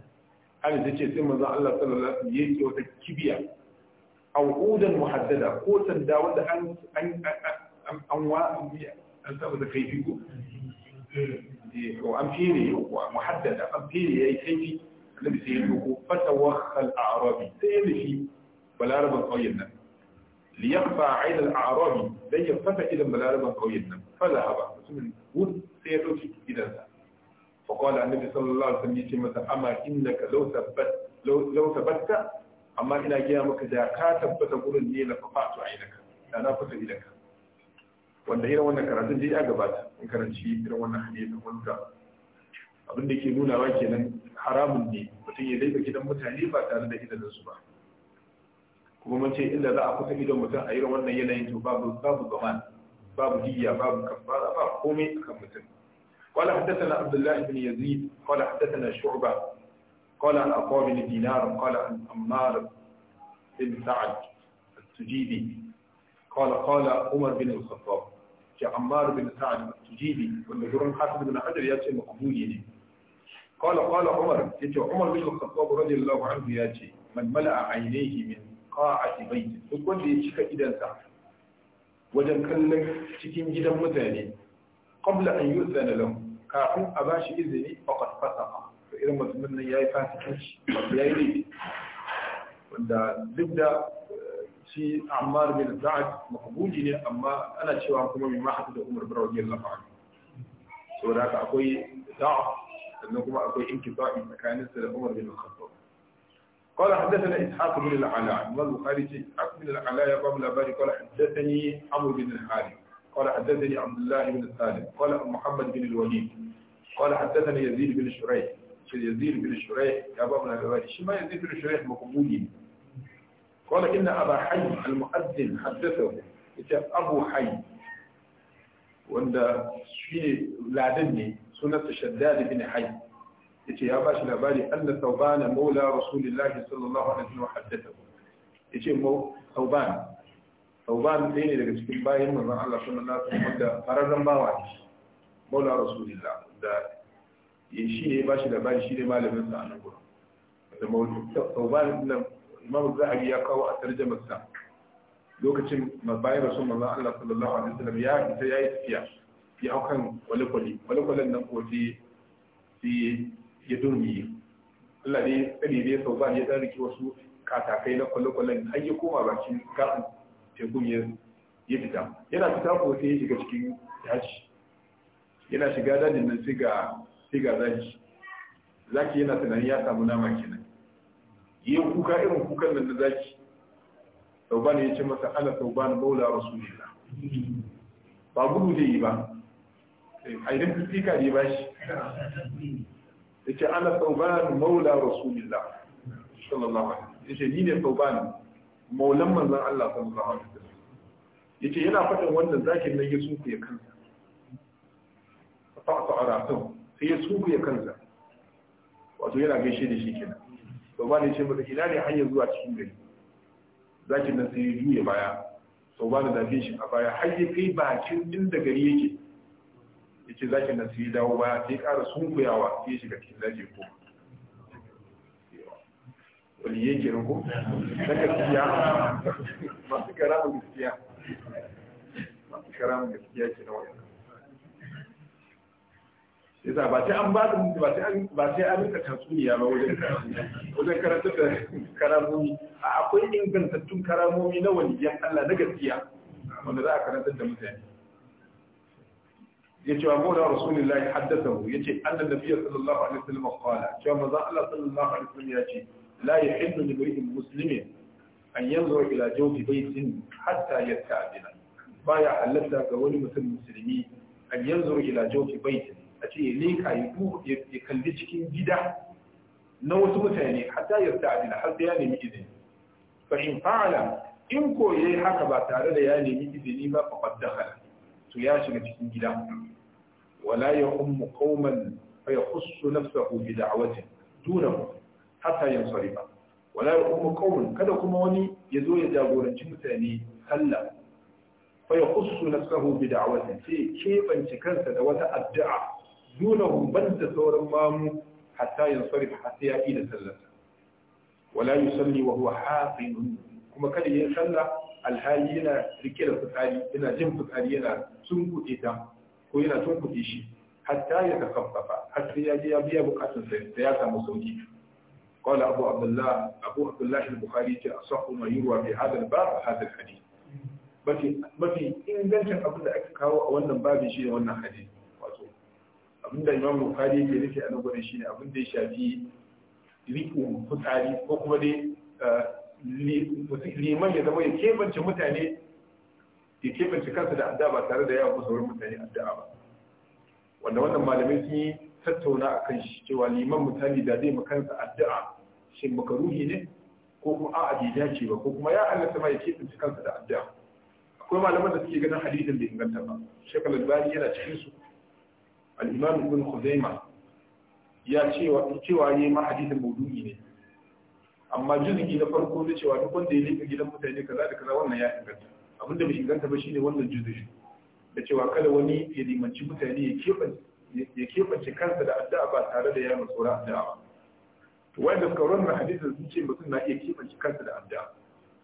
هل تجي سيما الله صلى الله عليه وسلم يجي وتكبيا أو عودا محددا قوة داود أن أن أن أن أن أن أن إيه، وأمثيلي محددة أمثيلي أي كيفي النبي سيقول فتوخى الأعرابي سيلي في بلا رب القيم ليخفى عين الأعرابي لن يفتح إلى الملالمة قويتنا فذهب mutumin wud sai ya ɗauki gidansa faƙwala annabi sallallahu alaihi wasallam yace masa amma innaka law tabbat law tabatta amma ina gaya maka da ka tabbata gurin ne la fafatu ainaka da na fata idanka wanda irin wannan karatun dai ya gabata in karanci irin wannan hadisi wanda abin da ke nuna wa kenan haramun ne mutum ya daika gidan mutane ba tare da idanunsu ba kuma mun ce inda za a kusa idon mutum a irin wannan yanayin to babu babu gaman babu jiya babu kafara ba komai akan mutum قال حدثنا عبد الله بن يزيد قال حدثنا شعبة قال عن أقوى بن دينار قال عن أمار بن سعد السجيبي قال قال عمر بن الخطاب كعمار بن سعد السجيبي والمجرم حافظ بن حجر ياتي مقبولين قال قال عمر يتي عمر بن الخطاب رضي الله عنه ياتي من ملأ عينيه من qa'ati baiti duk wanda ya cika idansa wajen kallon cikin gidan mutane qabla an yu'zana lahu kafin a bashi izini faqad fasaqa to irin mutumin nan yayi fasikanci wato yayi ne wanda duk da eh, shi Ammar bin Sa'ad makbuji ne amma ana cewa kuma mai mahadu da Umar bin radiyallahu anhu saboda haka akwai da'a sannan kuma akwai inkisa'i tsakaninsa da Umar bin Khattab قال حدثنا إسحاق بن العلاء والبخاري إسحاق بن العلاء قبل بني قال حدثني عمرو بن الحارث قال حدثني عبد الله بن الثالث قال محمد بن الوليد قال حدثني يزيد بن شريح يزيد بن شريح كباب بن الوليد شما يزيد بن شريح مقبولي قال إن أبا حي المؤذن حدثه إذا أبو حي وأن في لعدني سنة شداد بن حي yace ya bashi labari Allah Tawbana maula Rasulullahi sallallahu alaihi wa sallam yace mu Tauban Tauban dai ne daga cikin bayin manzon Allah sallallahu alaihi wa sallam da farazan bawa ne maula Rasulullah da shi ne bashi labari shi ne malamin sa a nan gurin da mawdu Tauban nan Imam Zahabi ya kawo a tarjumar sa lokacin bayan rasul manzon Allah sallallahu alaihi wa sallam ya ita yayi tafiya ya hukan kan kwale nan ko sai ya durmi Allah ne ne sau ba ya dan rike wasu katakai na kwale-kwalen har ya koma bakin gaɓin tekun ya fita yana fita ko sai ya shiga cikin daji yana shiga dajin nan sai ga zaki zaki yana tunani ya samu nama kenan yi kuka irin kukan nan da zaki ne ya ce masa ala na maula ne ba gudu zai yi ba a idan fifika ne ba shi yace ana tauban maula rasulillah sallallahu alaihi wasallam yace ni ne tauban maulan manzon Allah sallallahu alaihi wasallam yace yana fatan wannan zakin nan ya kansa. ya kansa fa'ata to sai ya sunku ya kansa wato yana gaishe da shi kenan tauban yace mata ina ne hanyar zuwa cikin gari zakin nan sai ya juye baya tauban da zafin shi a baya har ya kai bakin inda gari yake Yace zaki zakin nan sai dawo baya sai ƙara sunkuyawa sai shiga cikin daji ko waliye ke rubu na gaskiya masu karamin gaskiya masu karamin gaskiya ke na wani yasa ba sai an ba ba sai an rika tatsuniya ba wajen wajen karatu da karamomi akwai ingantattun karamomi na waliyan Allah na gaskiya wanda za a karantar da mutane yace wa mawla rasulullahi haddathahu yace annan nabiyyu sallallahu alaihi wasallam qala cewa manzo Allah sallallahu alaihi wasallam yace la yahillu li imri'in muslimin an yanzura ila jawfi baytin hatta yasta'dina baya halatta ga wani mutum musulmi an yanzura ila jawfi baytin a ce ya leka ya kalli cikin gida na wasu mutane hatta yasta'dina har sai ya nemi izini fa in fa'ala in ko yayi haka ba tare da ya nemi izini ba fa qad dakhala to ya shiga cikin gida ولا يؤم قوما فيخص نفسه بدعوته دونه حتى ينصرف ولا يؤم قوم kada kuma wani zo ya jagoranci mutane sallah fa yakhussu nafsahu bi da'watin sai kebance kansa da wata addu'a dunahu banda sauran mamu hatta yansarif hatta ya ida sallata wala yusalli wa huwa haqin kuma kada yayin sallah alhali yana rike da fitsari yana jin fitsari yana sunkuɗe ko yana tunkuɗe shi hatta ya takaffafa har sai ya je ya biya bukatun da ya samu sauki قال أبو عبد الله أبو عبد الله البخاري أصح ما يروى في ba الباب هذا الحديث mafi ingancin abin da aka kawo a wannan babin shi ne wannan hadis wato abin da imam bukhari yake nufi a nan gurin shi ne abin da ya shafi riƙo fitsari ko kuma dai eh, liman ya zama ya kebance mutane ya keɓance kansa da addu'a ba tare da yawan kusa wurin mutane addu'a ba wanda wannan malamai sun yi tattauna a kan shi cewa liman mutane da zai makansa addu'a shin makaruhi ne ko kuma a bai ce ba ko kuma ya Allah ma ya keɓance kansa da addu'a akwai malaman da suke ganin hadisin da inganta ba al albani yana cikin su al-imam ibn khuzaimah ya cewa cewa ne ma hadisin maudu'i ne amma juzuki na farko ne cewa duk wanda ya leka gidan mutane kaza da kaza wannan ya inganta abinda bai inganta ba ne wannan juzushi da cewa kada wani ya limanci mutane ya kefance kansa da addu'a ba tare da yana tsoron addu'a ba to wanda suka wannan hadisin sun ce mutum na iya keɓance kansa da addu'a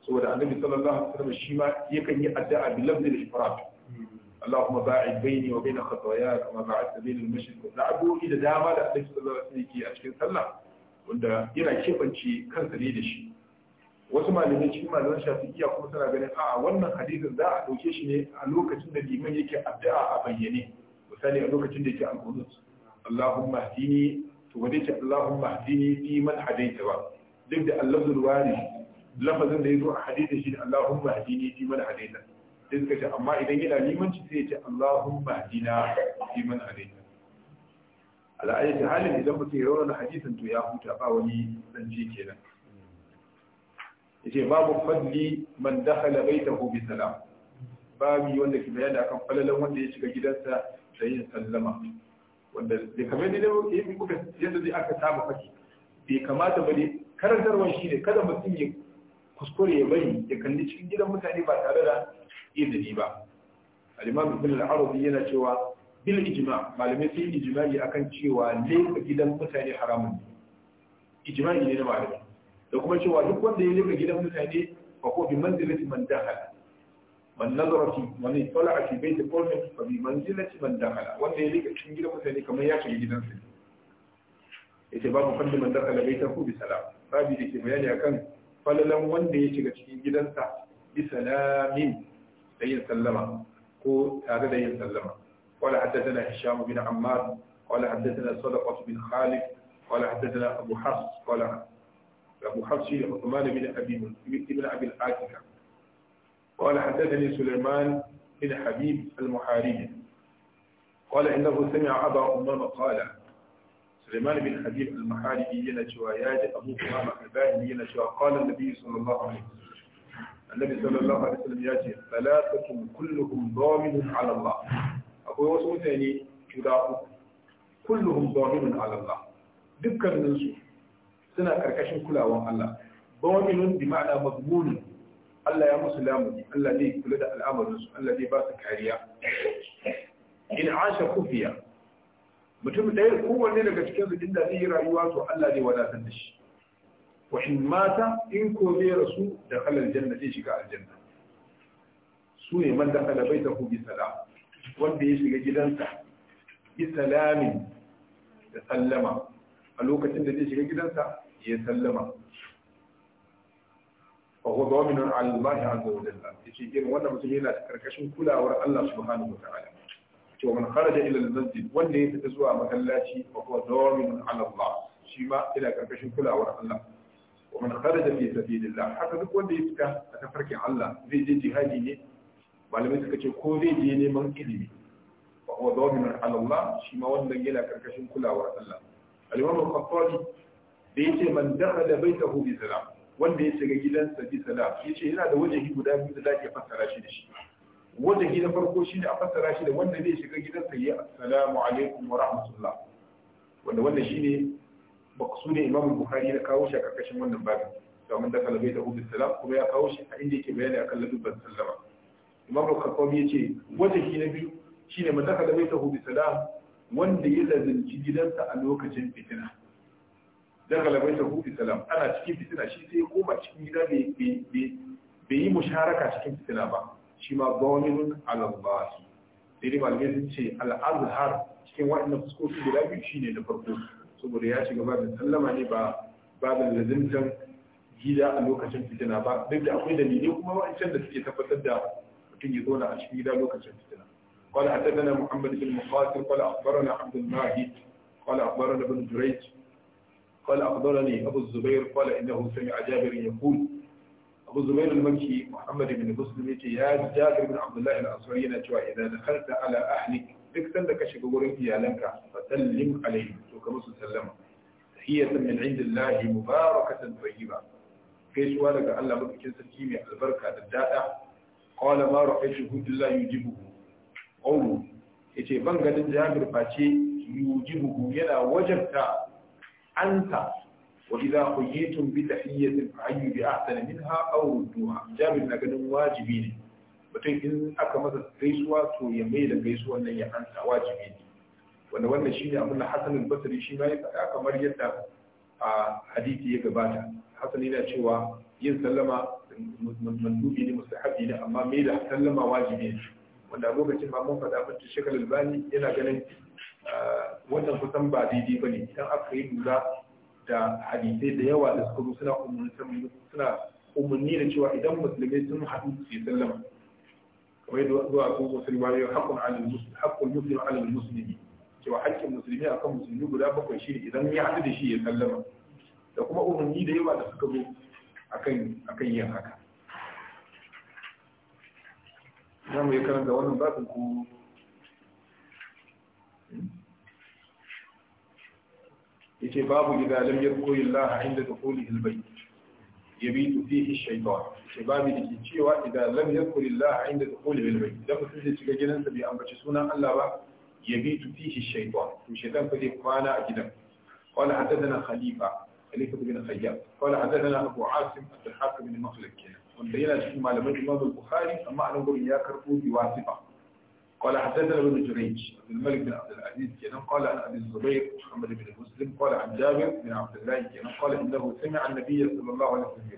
saboda annabi sallallahu alaihi wasallam shi ma yakan yi addu'a bi lafzi da ifrat اللهم باعد بيني وبين خطاياي كما باعدت بين المشرق والمغرب da dama da annabi sallallahu alaihi wasallam yake a cikin sallah wanda yana keɓance kansa ne da shi wasu malamai cikin malaman shafi'iyya kuma suna ganin a'a wannan hadisin za a dauke shi ne a lokacin da liman yake addu'a a bayyane misali a lokacin da yake al-qunut Allahumma hdini to wanda ce Allahumma hdini fi man hadaita ba duk da al-lafzul wari lafazin da yazo a hadisin shi Allahumma hdini fi man hadaita sai suka ce amma idan yana limanci sai ya ce Allahumma hdina fi man hadaita ala ayyati halin idan mutum ya rawana hadisin to ya huta ba wani dan kenan yace babu fadli man dakhala baitahu bi salam babu wanda ke bayani akan falalan wanda ya shiga gidansa da yin sallama wanda da kamar da yake kuka yadda zai aka saba faki bai kamata ba ne karantarwar shi ne kada mutum ya kuskure ya bari ya kalli cikin gidan mutane ba tare da izini ba al-imam ibn al-arabi yana cewa bil ijma malamai sun ijma'i akan cewa leƙa gidan mutane haramun ne ijma'i ne na malamai da kuma cewa duk wanda ya leka gidan mutane fa ko bi manzilati man dakhala man nazara fi man itala fi bayti qawmin fa bi manzilati man dakhala wanda ya leka cikin gidan mutane kamar ya shiga gidan sa yace babu fadli man dakhala baytahu bi salam babu da bayani akan falalan wanda ya shiga cikin gidansa bi salamin da yin sallama ko tare da yin sallama wala haddathana hisham bin ammar wala haddathana sadaqah bin khalid wala haddathana abu hafs wala أبو حفص عثمان بن أبي بن أبي الآكلة قال حدثني سليمان بن حبيب المحاربي قال إنه سمع أبا أمامة قال سليمان بن حبيب المحاربي ينشوى ياج أبو أمامة الباهلي ينشوى قال النبي صلى الله عليه وسلم النبي صلى الله عليه وسلم ياتي ثلاثة كلهم ضامن على الله أقول وسوتني كذا كلهم ضامن على الله ذكر من سوء suna karkashin kulawan Allah bawaminun bi ma'ana mazmunin Allah ya musu lamuni Allah zai kula da al'amarinsu Allah zai ba su kariya in asha kufiya mutum ɗaya kowanne daga cikin su inda zai yi rayuwa to Allah zai wadatar da shi wa in mata in ko zai rasu da kalal janna zai shiga aljanna su ne man da kalabai ta bi salam wanda ya shiga gidansa bi salamin da sallama a lokacin da zai shiga gidansa ya sallama fa huwa dominun al-mahi azza wa jalla yace irin wannan mutum yana karkashin kulawar Allah subhanahu wa ta'ala to man kharaja ila al-masjid wanda ya fita zuwa masallaci fa huwa dominun ala Allah shi ma yana karkashin kulawar Allah wa man kharaja fi sabilillah haka duk wanda ya fita a tafarkin Allah zai je jihadi ne malamai suka ce ko zai je neman ilimi fa huwa dominun ala Allah shi ma wannan yana karkashin kulawar Allah al-imam al-qattabi da yace man dakhala baytahu bi salam wanda ya shiga gidansa bi salam yace yana da wajen guda biyu da zaki fassara shi da shi wajehi na farko shi ne a fassara shi da wanda zai shiga gidansa ya assalamu alaikum wa rahmatullah wanda wanda shi wannan shine ne imam bukhari na kawo shi a karkashin wannan babin dafa da domin dakhala baytahu bi sala kuma ya kawo shi a inda yake bayani akan ladubban sallama imam al-qattabi yace wajehi na biyu shi ne man dafa da dakhala baytahu bi sala. wanda ya lazanci gidansa a lokacin fitina da galabai ta hudu salam ana cikin fitina shi sai koma cikin gida bai yi musharaka cikin fitina ba shi ma zaunin al'abbasi sai dai malamai sun ce al'azhar cikin waɗannan fuskoki guda biyu shi ne da farko saboda ya shiga babin sallama ne ba babin lazimtan gida a lokacin fitina ba duk da akwai dalilai kuma wa'ancan da suke tabbatar da mutum ya zauna a cikin gida lokacin fitina قال حدثنا محمد بن مقاتل قال أخبرنا عبد الماهد قال أخبرنا ابن جريج قال أخبرني أبو الزبير قال إنه سمع جابر يقول أبو الزبير المكي محمد بن مسلم يا جابر بن عبد الله الأنصاري نجوى إذا دخلت على أهلك اكتن لك شكور إيالك فسلم عليهم وكما سلم تحية من عند الله مباركة طيبة كيش ولك ألا مكي سكيمي البركة الدائع قال ما رأيته إلا يجيبه ya ce ban ganin jami'ar face buhu yana wajabta anta wa idza quyitum bi tahiyyatin fa ayyu bi ahsana minha aw rudduha Jabir na ganin wajibi ne mutum in aka masa gaisuwa to ya mai da gaisuwan nan ya anta wajibi ne wanda wannan ne abin da Hassan al-Basri shi ma ya faɗa kamar yadda a hadisi ya gabata Hassan yana cewa yin sallama mandubi ne mustahabi ne amma mai da sallama wajibi ne wanda lokacin ma mun faɗa mun shekar albani yana ganin wannan kusan ba daidai ba ne idan aka yi lura da hadisai da yawa da suka suna umarni suna umarni da cewa idan musulmi sun haɗu su yi sallama kamar yadda zuwa sun musulma yau hakkun haƙƙun musulmi alal musulmi cewa haƙƙin musulmi akan musulmi guda bakwai shi idan ya haɗu da shi ya sallama da kuma umarni da yawa da suka zo akan yin haka za mu yi karanta wannan babin ko yace babu idan ya koyi Laha inda dukhuli albayt yabitu fihi shaytan yace babu dake cewa idan ya koyi Laha inda koli albayt idan ku zai shiga gidansa bai ambaci sunan Allah ba yabitu fihi shaytan to shaytan fa zai kwana a gidan قال Khalifa خليفة خليفة بن خياب hadadana حدثنا أبو عاصم الضحاك بن مخلد wanda yana cikin malamai imam al-bukhari amma an gurin ya karbo bi wasifa qala hadathana ibn jurayj ibn malik bin abd al-aziz kana qala abi zubayr muhammad ibn muslim qala an jabir bin abd allah kana qala innahu sami'a an-nabiy sallallahu alaihi wasallam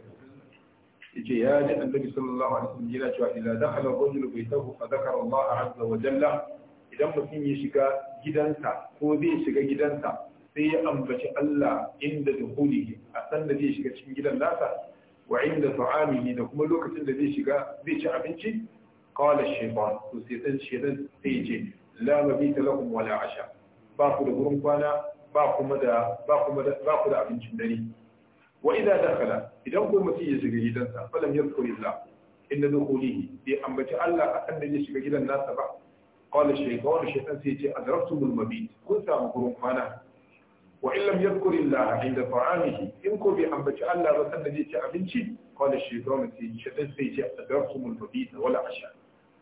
yace ya ji annabi sallallahu alaihi wasallam yana cewa idan dakhala rajul baytahu fa dhakara allah azza wa jalla idan mutum ya shiga gidansa ko zai shiga gidanta. sai ya ambaci allah inda dukhulihi a san da zai shiga cikin gidan nasa wa inda ta'amihi da kuma lokacin da zai shiga zai ci abinci qala shaytan to sai dan shaytan sai ya ce la mabita lakum wala asha ba ku da gurin kwana ba kuma da ba kuma da ba ku da abincin dare wa idza dakhala idan ko mutum ya shiga gidansa falam yadhkurillah inda dukhulihi bai ambaci Allah a akan da ya shiga gidan nasa ba qala shaytan shaytan sai ya ce adraktumul mabit kun samu gurin kwana wa in lam yadhkur Allah inda ta'amihi in ko bai ambaci Allah ba sanda zai ci abinci qala shaytanu sai shaytan sai ce adrakum al-mabit wala asha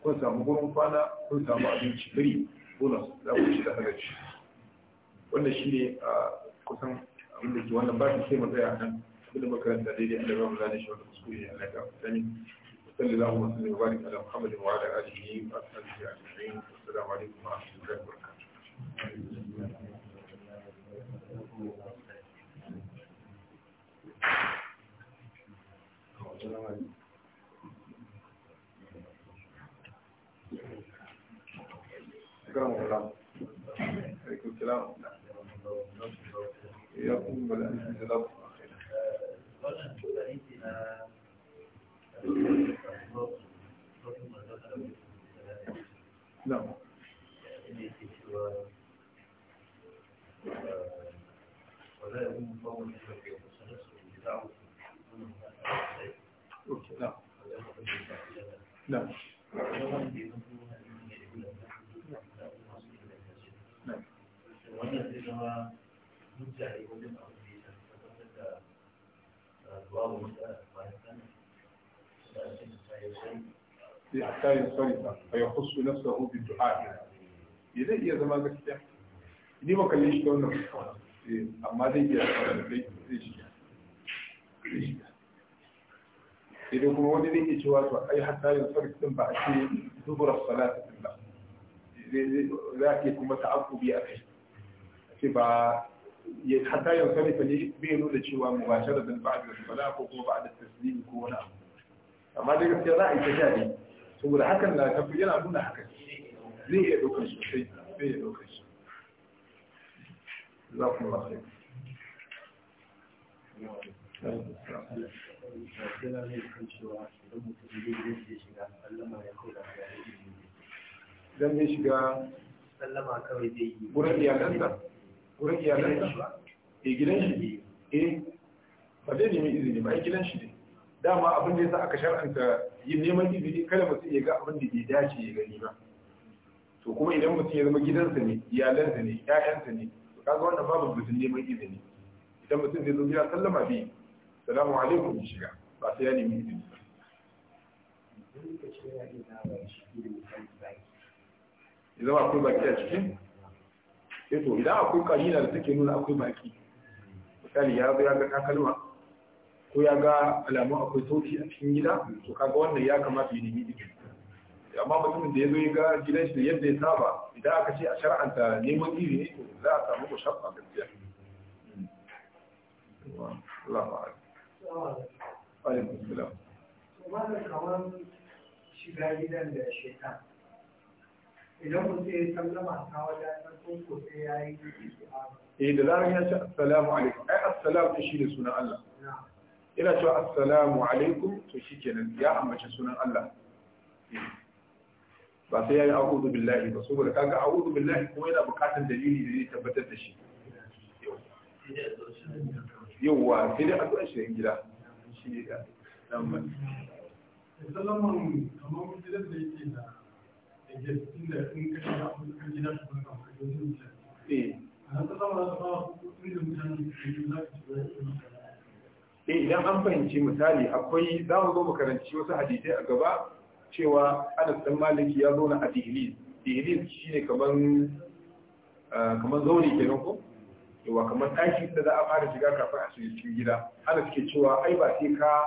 kun samu gurin kwana kun samu abinci firi bonus za ku ci da halacci wannan shine kusan abin da ke wannan ba sai mu tsaya nan abin makaranta daidai Allah ya mu lada shi wannan kuskure Allah ya ka sani صلى الله وسلم وبارك على محمد وعلى اله وصحبه اجمعين والسلام عليكم ورحمه الله وبركاته Não. ولا يهم قوم الذين يصلون بدعوة نعم نعم نعم نعم نعم نعم نعم نفسه نعم إذا هي نعم نعم نعم نعم نعم نعم نعم نعم نعم نعم نعم نعم shiga idan kuma wani zai iya cewa to ai hatta yin sarki din ba a ce dubura salata din ba za a kuma ta'akubi a kai ce ba ya hatta yin sarki ne bai nuna cewa mu ba shara din ba a sala ko kuma ba a da taslimi ko wani abu amma dai gaskiya za a yi ta sha ne saboda hakan na tafi yana nuna haka zai iya ɗaukar sosai zai iya ɗaukar shi za ku ma sai Thank you. idan ya shiga sallama kawai zai yi wurin iyalansa wurin iyalansa E gidan shi ne? eh ba zai nemi izini ba E gidan shi ne dama abin da ya yasa aka shar'anta yin neman izini kada mutum ya ga abin da bai dace ya gani ba to kuma idan mutum ya zama gidansa ne iyalansa ne 'ya'yansa ne to kaga wannan babu mutum neman izini idan mutum zai zo gida sallama bai salamu alaikum ya shiga ba sai ya nemi izini ba idan akwai baki a cikin eto eh idan akwai kalila da take nuna akwai baki misali ya ga takalma ko ya ga alamu akwai sauti a cikin gida to kaga wannan ya kamata ya nemi izini amma mutumin da ya zo ya ga gidan shi yadda ya saba idan aka ce a shar'anta neman izini to za a samu mushabba gaskiya Allah shiga gidan da idan mutum ya ya eh da ya ce assalamu alaikum ai assalamu shi ne sunan Allah ina cewa assalamu alaikum to ya ambace sunan Allah eh. ba sai ya yi a'udhu billahi ba saboda kaga a'udhu billahi kuma yana bukatar dalili da zai tabbatar da shi yawwa sai dai addu'a shirin gida shi ne da dan sallaman kamar gidan da yake da yake inda in ka shiga kan gida su kuma kamar gidan su eh an sallama da ba kudin da mutane ke yi za su ci eh idan an fahimci misali akwai za mu zo mu karanci wasu hadisai a gaba cewa Anas dan Maliki ya zo na a Dihlis Dihlis shine kaman ah, kaman zauri kenan ko yawa kamar ɗaki da za a fara shiga kafin a suyi cikin gida ana suke cewa ai ba sai ka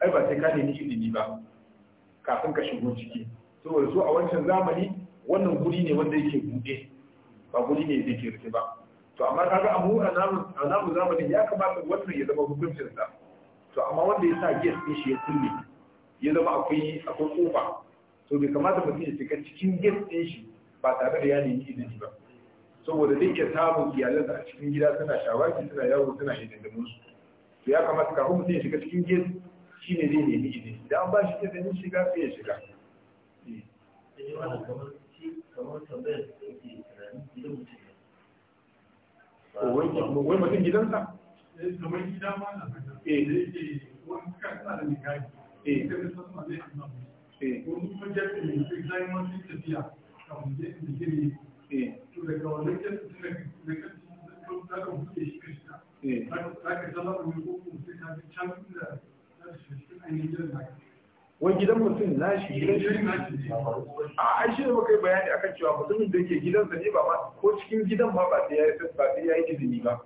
ai ba sai ka nemi ilimi ba kafin ka shigo ciki saboda su a wancan zamani wannan guri ne wanda yake buɗe ba guri ne da ke rufe ba to amma kaga amu a namu zamani ya kamata wannan ya zama hukuncin sa to amma wanda ya sa gas din shi ya kulle ya zama akwai akwai kofa to bai kamata mutum ya shiga cikin gas din shi ba tare da ya nemi ilimi ba saboda zai iya samun iyalansa a cikin gida suna shawaki suna yawo suna hidindimin su to ya kamata kafin mutum ya shiga cikin shi shine zai nemi izini da an ba shi izinin shiga sai ya shiga eh. Eh, wai to daga eh. wannan za ka zama da wani sai fi can gidan mutum na shi gidan shi a ai shi ne muka yi bayani akan cewa mutumin da ke gidansa ne ba ma ko cikin gidan ma ba ya yi ba ya yi izini ba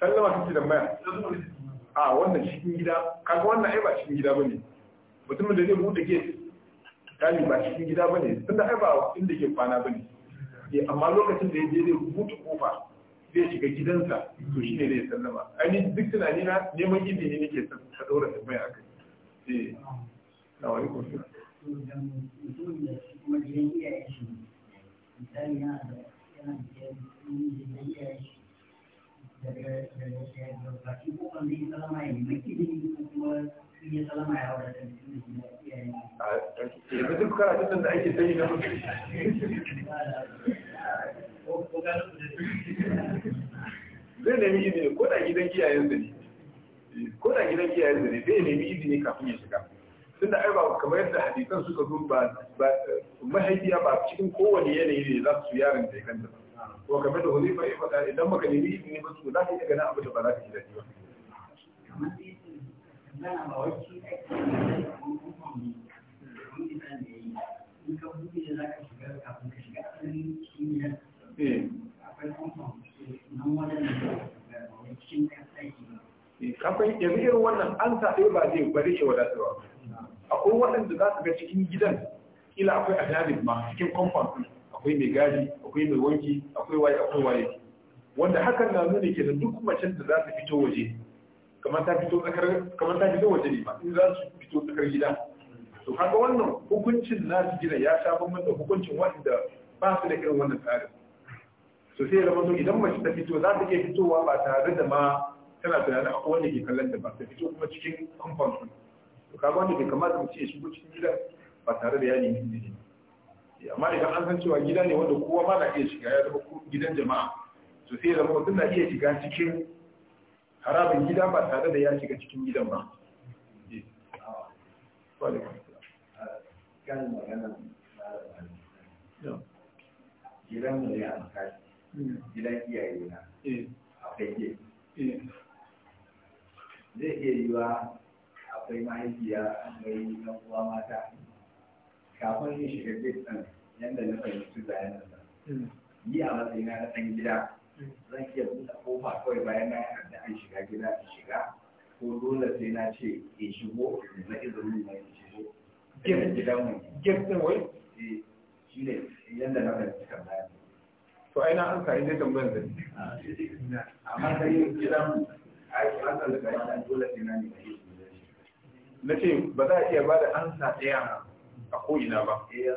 sallama ta ce maya a wannan cikin gida kaga wannan ai ba cikin gida ne. mutumin da zai buɗe gate kali ba cikin gida ne, tunda ai ba inda ke kwana ne. amma lokacin da ya je zai buɗe kofa zai shiga gidansa to shi ne zai sallama ainihin duk ni na neman ne nake ta ɗora tambaya a kai eh na wani kofi daga daga daga ko kan da sallama ya nemi ko kuma zai nemi izini ko da gidan kiyayen zane ko da gidan kiyayen zane zai nemi izini kafin ya shiga tun da ai kamar yadda hadisan suka zo ba mahaifiya ba cikin kowane yanayi ne za su yaron da ya kanta ba ko kamar da hulifa ya faɗa idan maka nemi izini ba su za ka iya ganin abu da ba za ka yi da ba kafin yanzu irin wannan an saɗe ba zai bari ya wadata ba akwai waɗanda za su ga cikin gidan ila akwai ajarin ma cikin kwamfan akwai mai gadi, akwai mai wanki akwai waye akwai waye wanda hakan na nuna ke da duk macen da za ta fito waje kamar ta fito tsakar kamar ta fito waje ne ba in za su fito tsakar gida to kaga wannan hukuncin na su gina ya sha bambam da hukuncin wanda ba su da irin wannan tsarin to sai zama so idan mace ta fito za ta iya fitowa ba tare da ma tana tunanin akwai wanda ke kallon ta ba ta fito kuma cikin kamfan to kaga wanda bai kamata mu ce shigo cikin gida ba tare da yaji ne eh, amma idan an san cewa gida ne wanda kowa ma na iya shiga ya zama gidan jama'a to sai zama mutum na iya shiga cikin Harabin gida ba tare da ya shiga cikin gidan ba gidan mu ne a gidan iyaye na eh. a fage eh. zai iya yiwa akwai mahaifiya mai yan uwa mata kafin yin shiga gidan yadda na fahimci zayen nan yi hmm. a matsayi na ɗan gida zan iya buɗe kofa kawai bayan na yarda an shiga gida in shiga ko dole sai na ce in shigo in na izinin na in shigo gif gidan mu gif din wai eh, shi ne yadda na fahimci tambaya to ai na ansa in dai tambayar da ah, amma sai gidan mu ai an san daga yana dole sai na ne na ce ba za a iya ba da ansa ɗaya a ko'ina ba. Eh,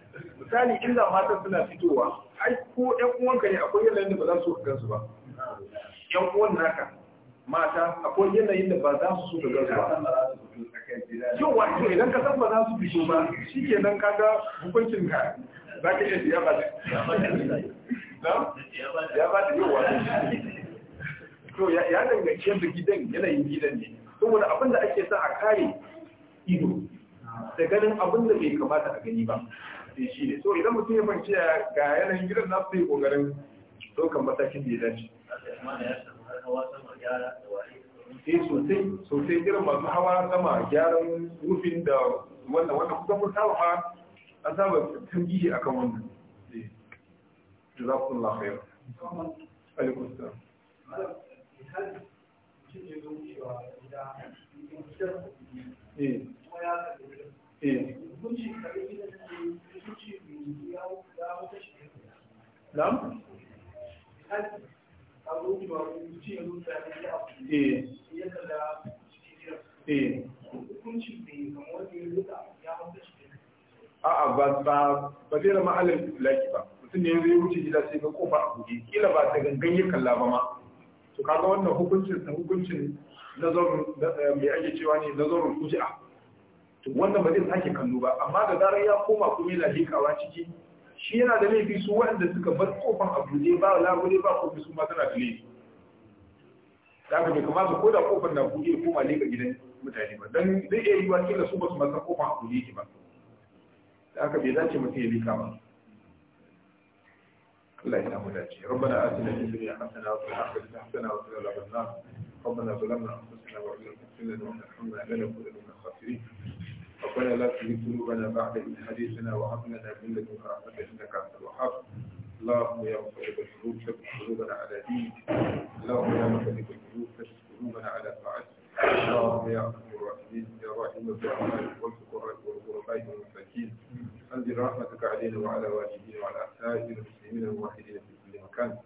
misali inda matan suna fitowa ai ko ɗan uwanka ne akwai yanayin da ba za su gansu ba yan uwan naka mata akwai yanayin da ba za su so ka gansu ba yau wa to idan ka san ba za su fito ba shi ke nan ka ga hukuncin ka za ka iya siya ba ya ba da yau to ya danganci yadda gidan yanayin gidan ne saboda abin da ake sa a kare ido da ganin abin da bai kamata a gani ba sai shi ne so idan mutum ya fahimci ga yanayin gidan na su yi kokarin ɗaukan matakin da ya dace eh, sosai sosai irin masu hawa sama gyaran rufin da wannan wannan kusan mun saba ma an saba tambihi akan wannan eh. jazakumullahu khair alaikum salam eh eh Na'am? Eh. Eh. A'a ba ba ba zai zama alal ba mutum ne zai wuce gida sai ga kofa a buɗe kila ba ta gangan ya kalla ba ma to kaga wannan hukuncin na hukuncin eh, nazarin mai ake cewa ne nazarin kuji'a to wannan ba zai sake kallo ba amma da zarar ya koma kuma yana likawa ciki shi yana da laifi su waɗanda suka bar kofan abu ne ba labule ba kofi su ma tana da da aka bai kamata ko da kofar na buɗe ko ma leka gidan mutane ba don zai iya yi wa kila su ba su masa abu ne ba da aka bai dace mutum ya leka ba الله يسامح ذاتي ربنا آتنا في الدنيا حسنة وفي الآخرة حسنة وقنا عذاب النار ربنا ظلمنا أنفسنا وإن لم تغفر لنا وترحمنا لنكونن من الخاسرين ربنا لا تزغ قلوبنا بعد إذ هديتنا وهب لنا من لدنك رحمة إنك أنت الوهاب اللهم يا مقلب القلوب ثبت قلوبنا على دينك اللهم يا مقلب القلوب ثبت قلوبنا على طاعتك اللهم يا أرحم الراحمين يا راحم الضعفاء والفقراء والغرباء والمساكين أنزل رحمتك علينا وعلى والدينا وعلى سائر المسلمين الموحدين في كل مكان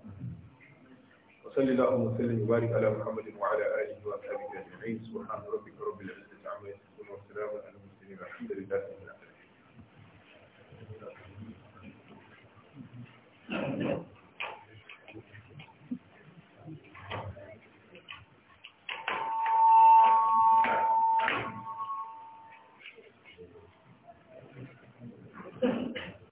وصلى اللهم وسلم وبارك على محمد وعلى آله وأصحابه أجمعين سبحان ربك رب العزة عما يصفون وسلام على Thank you.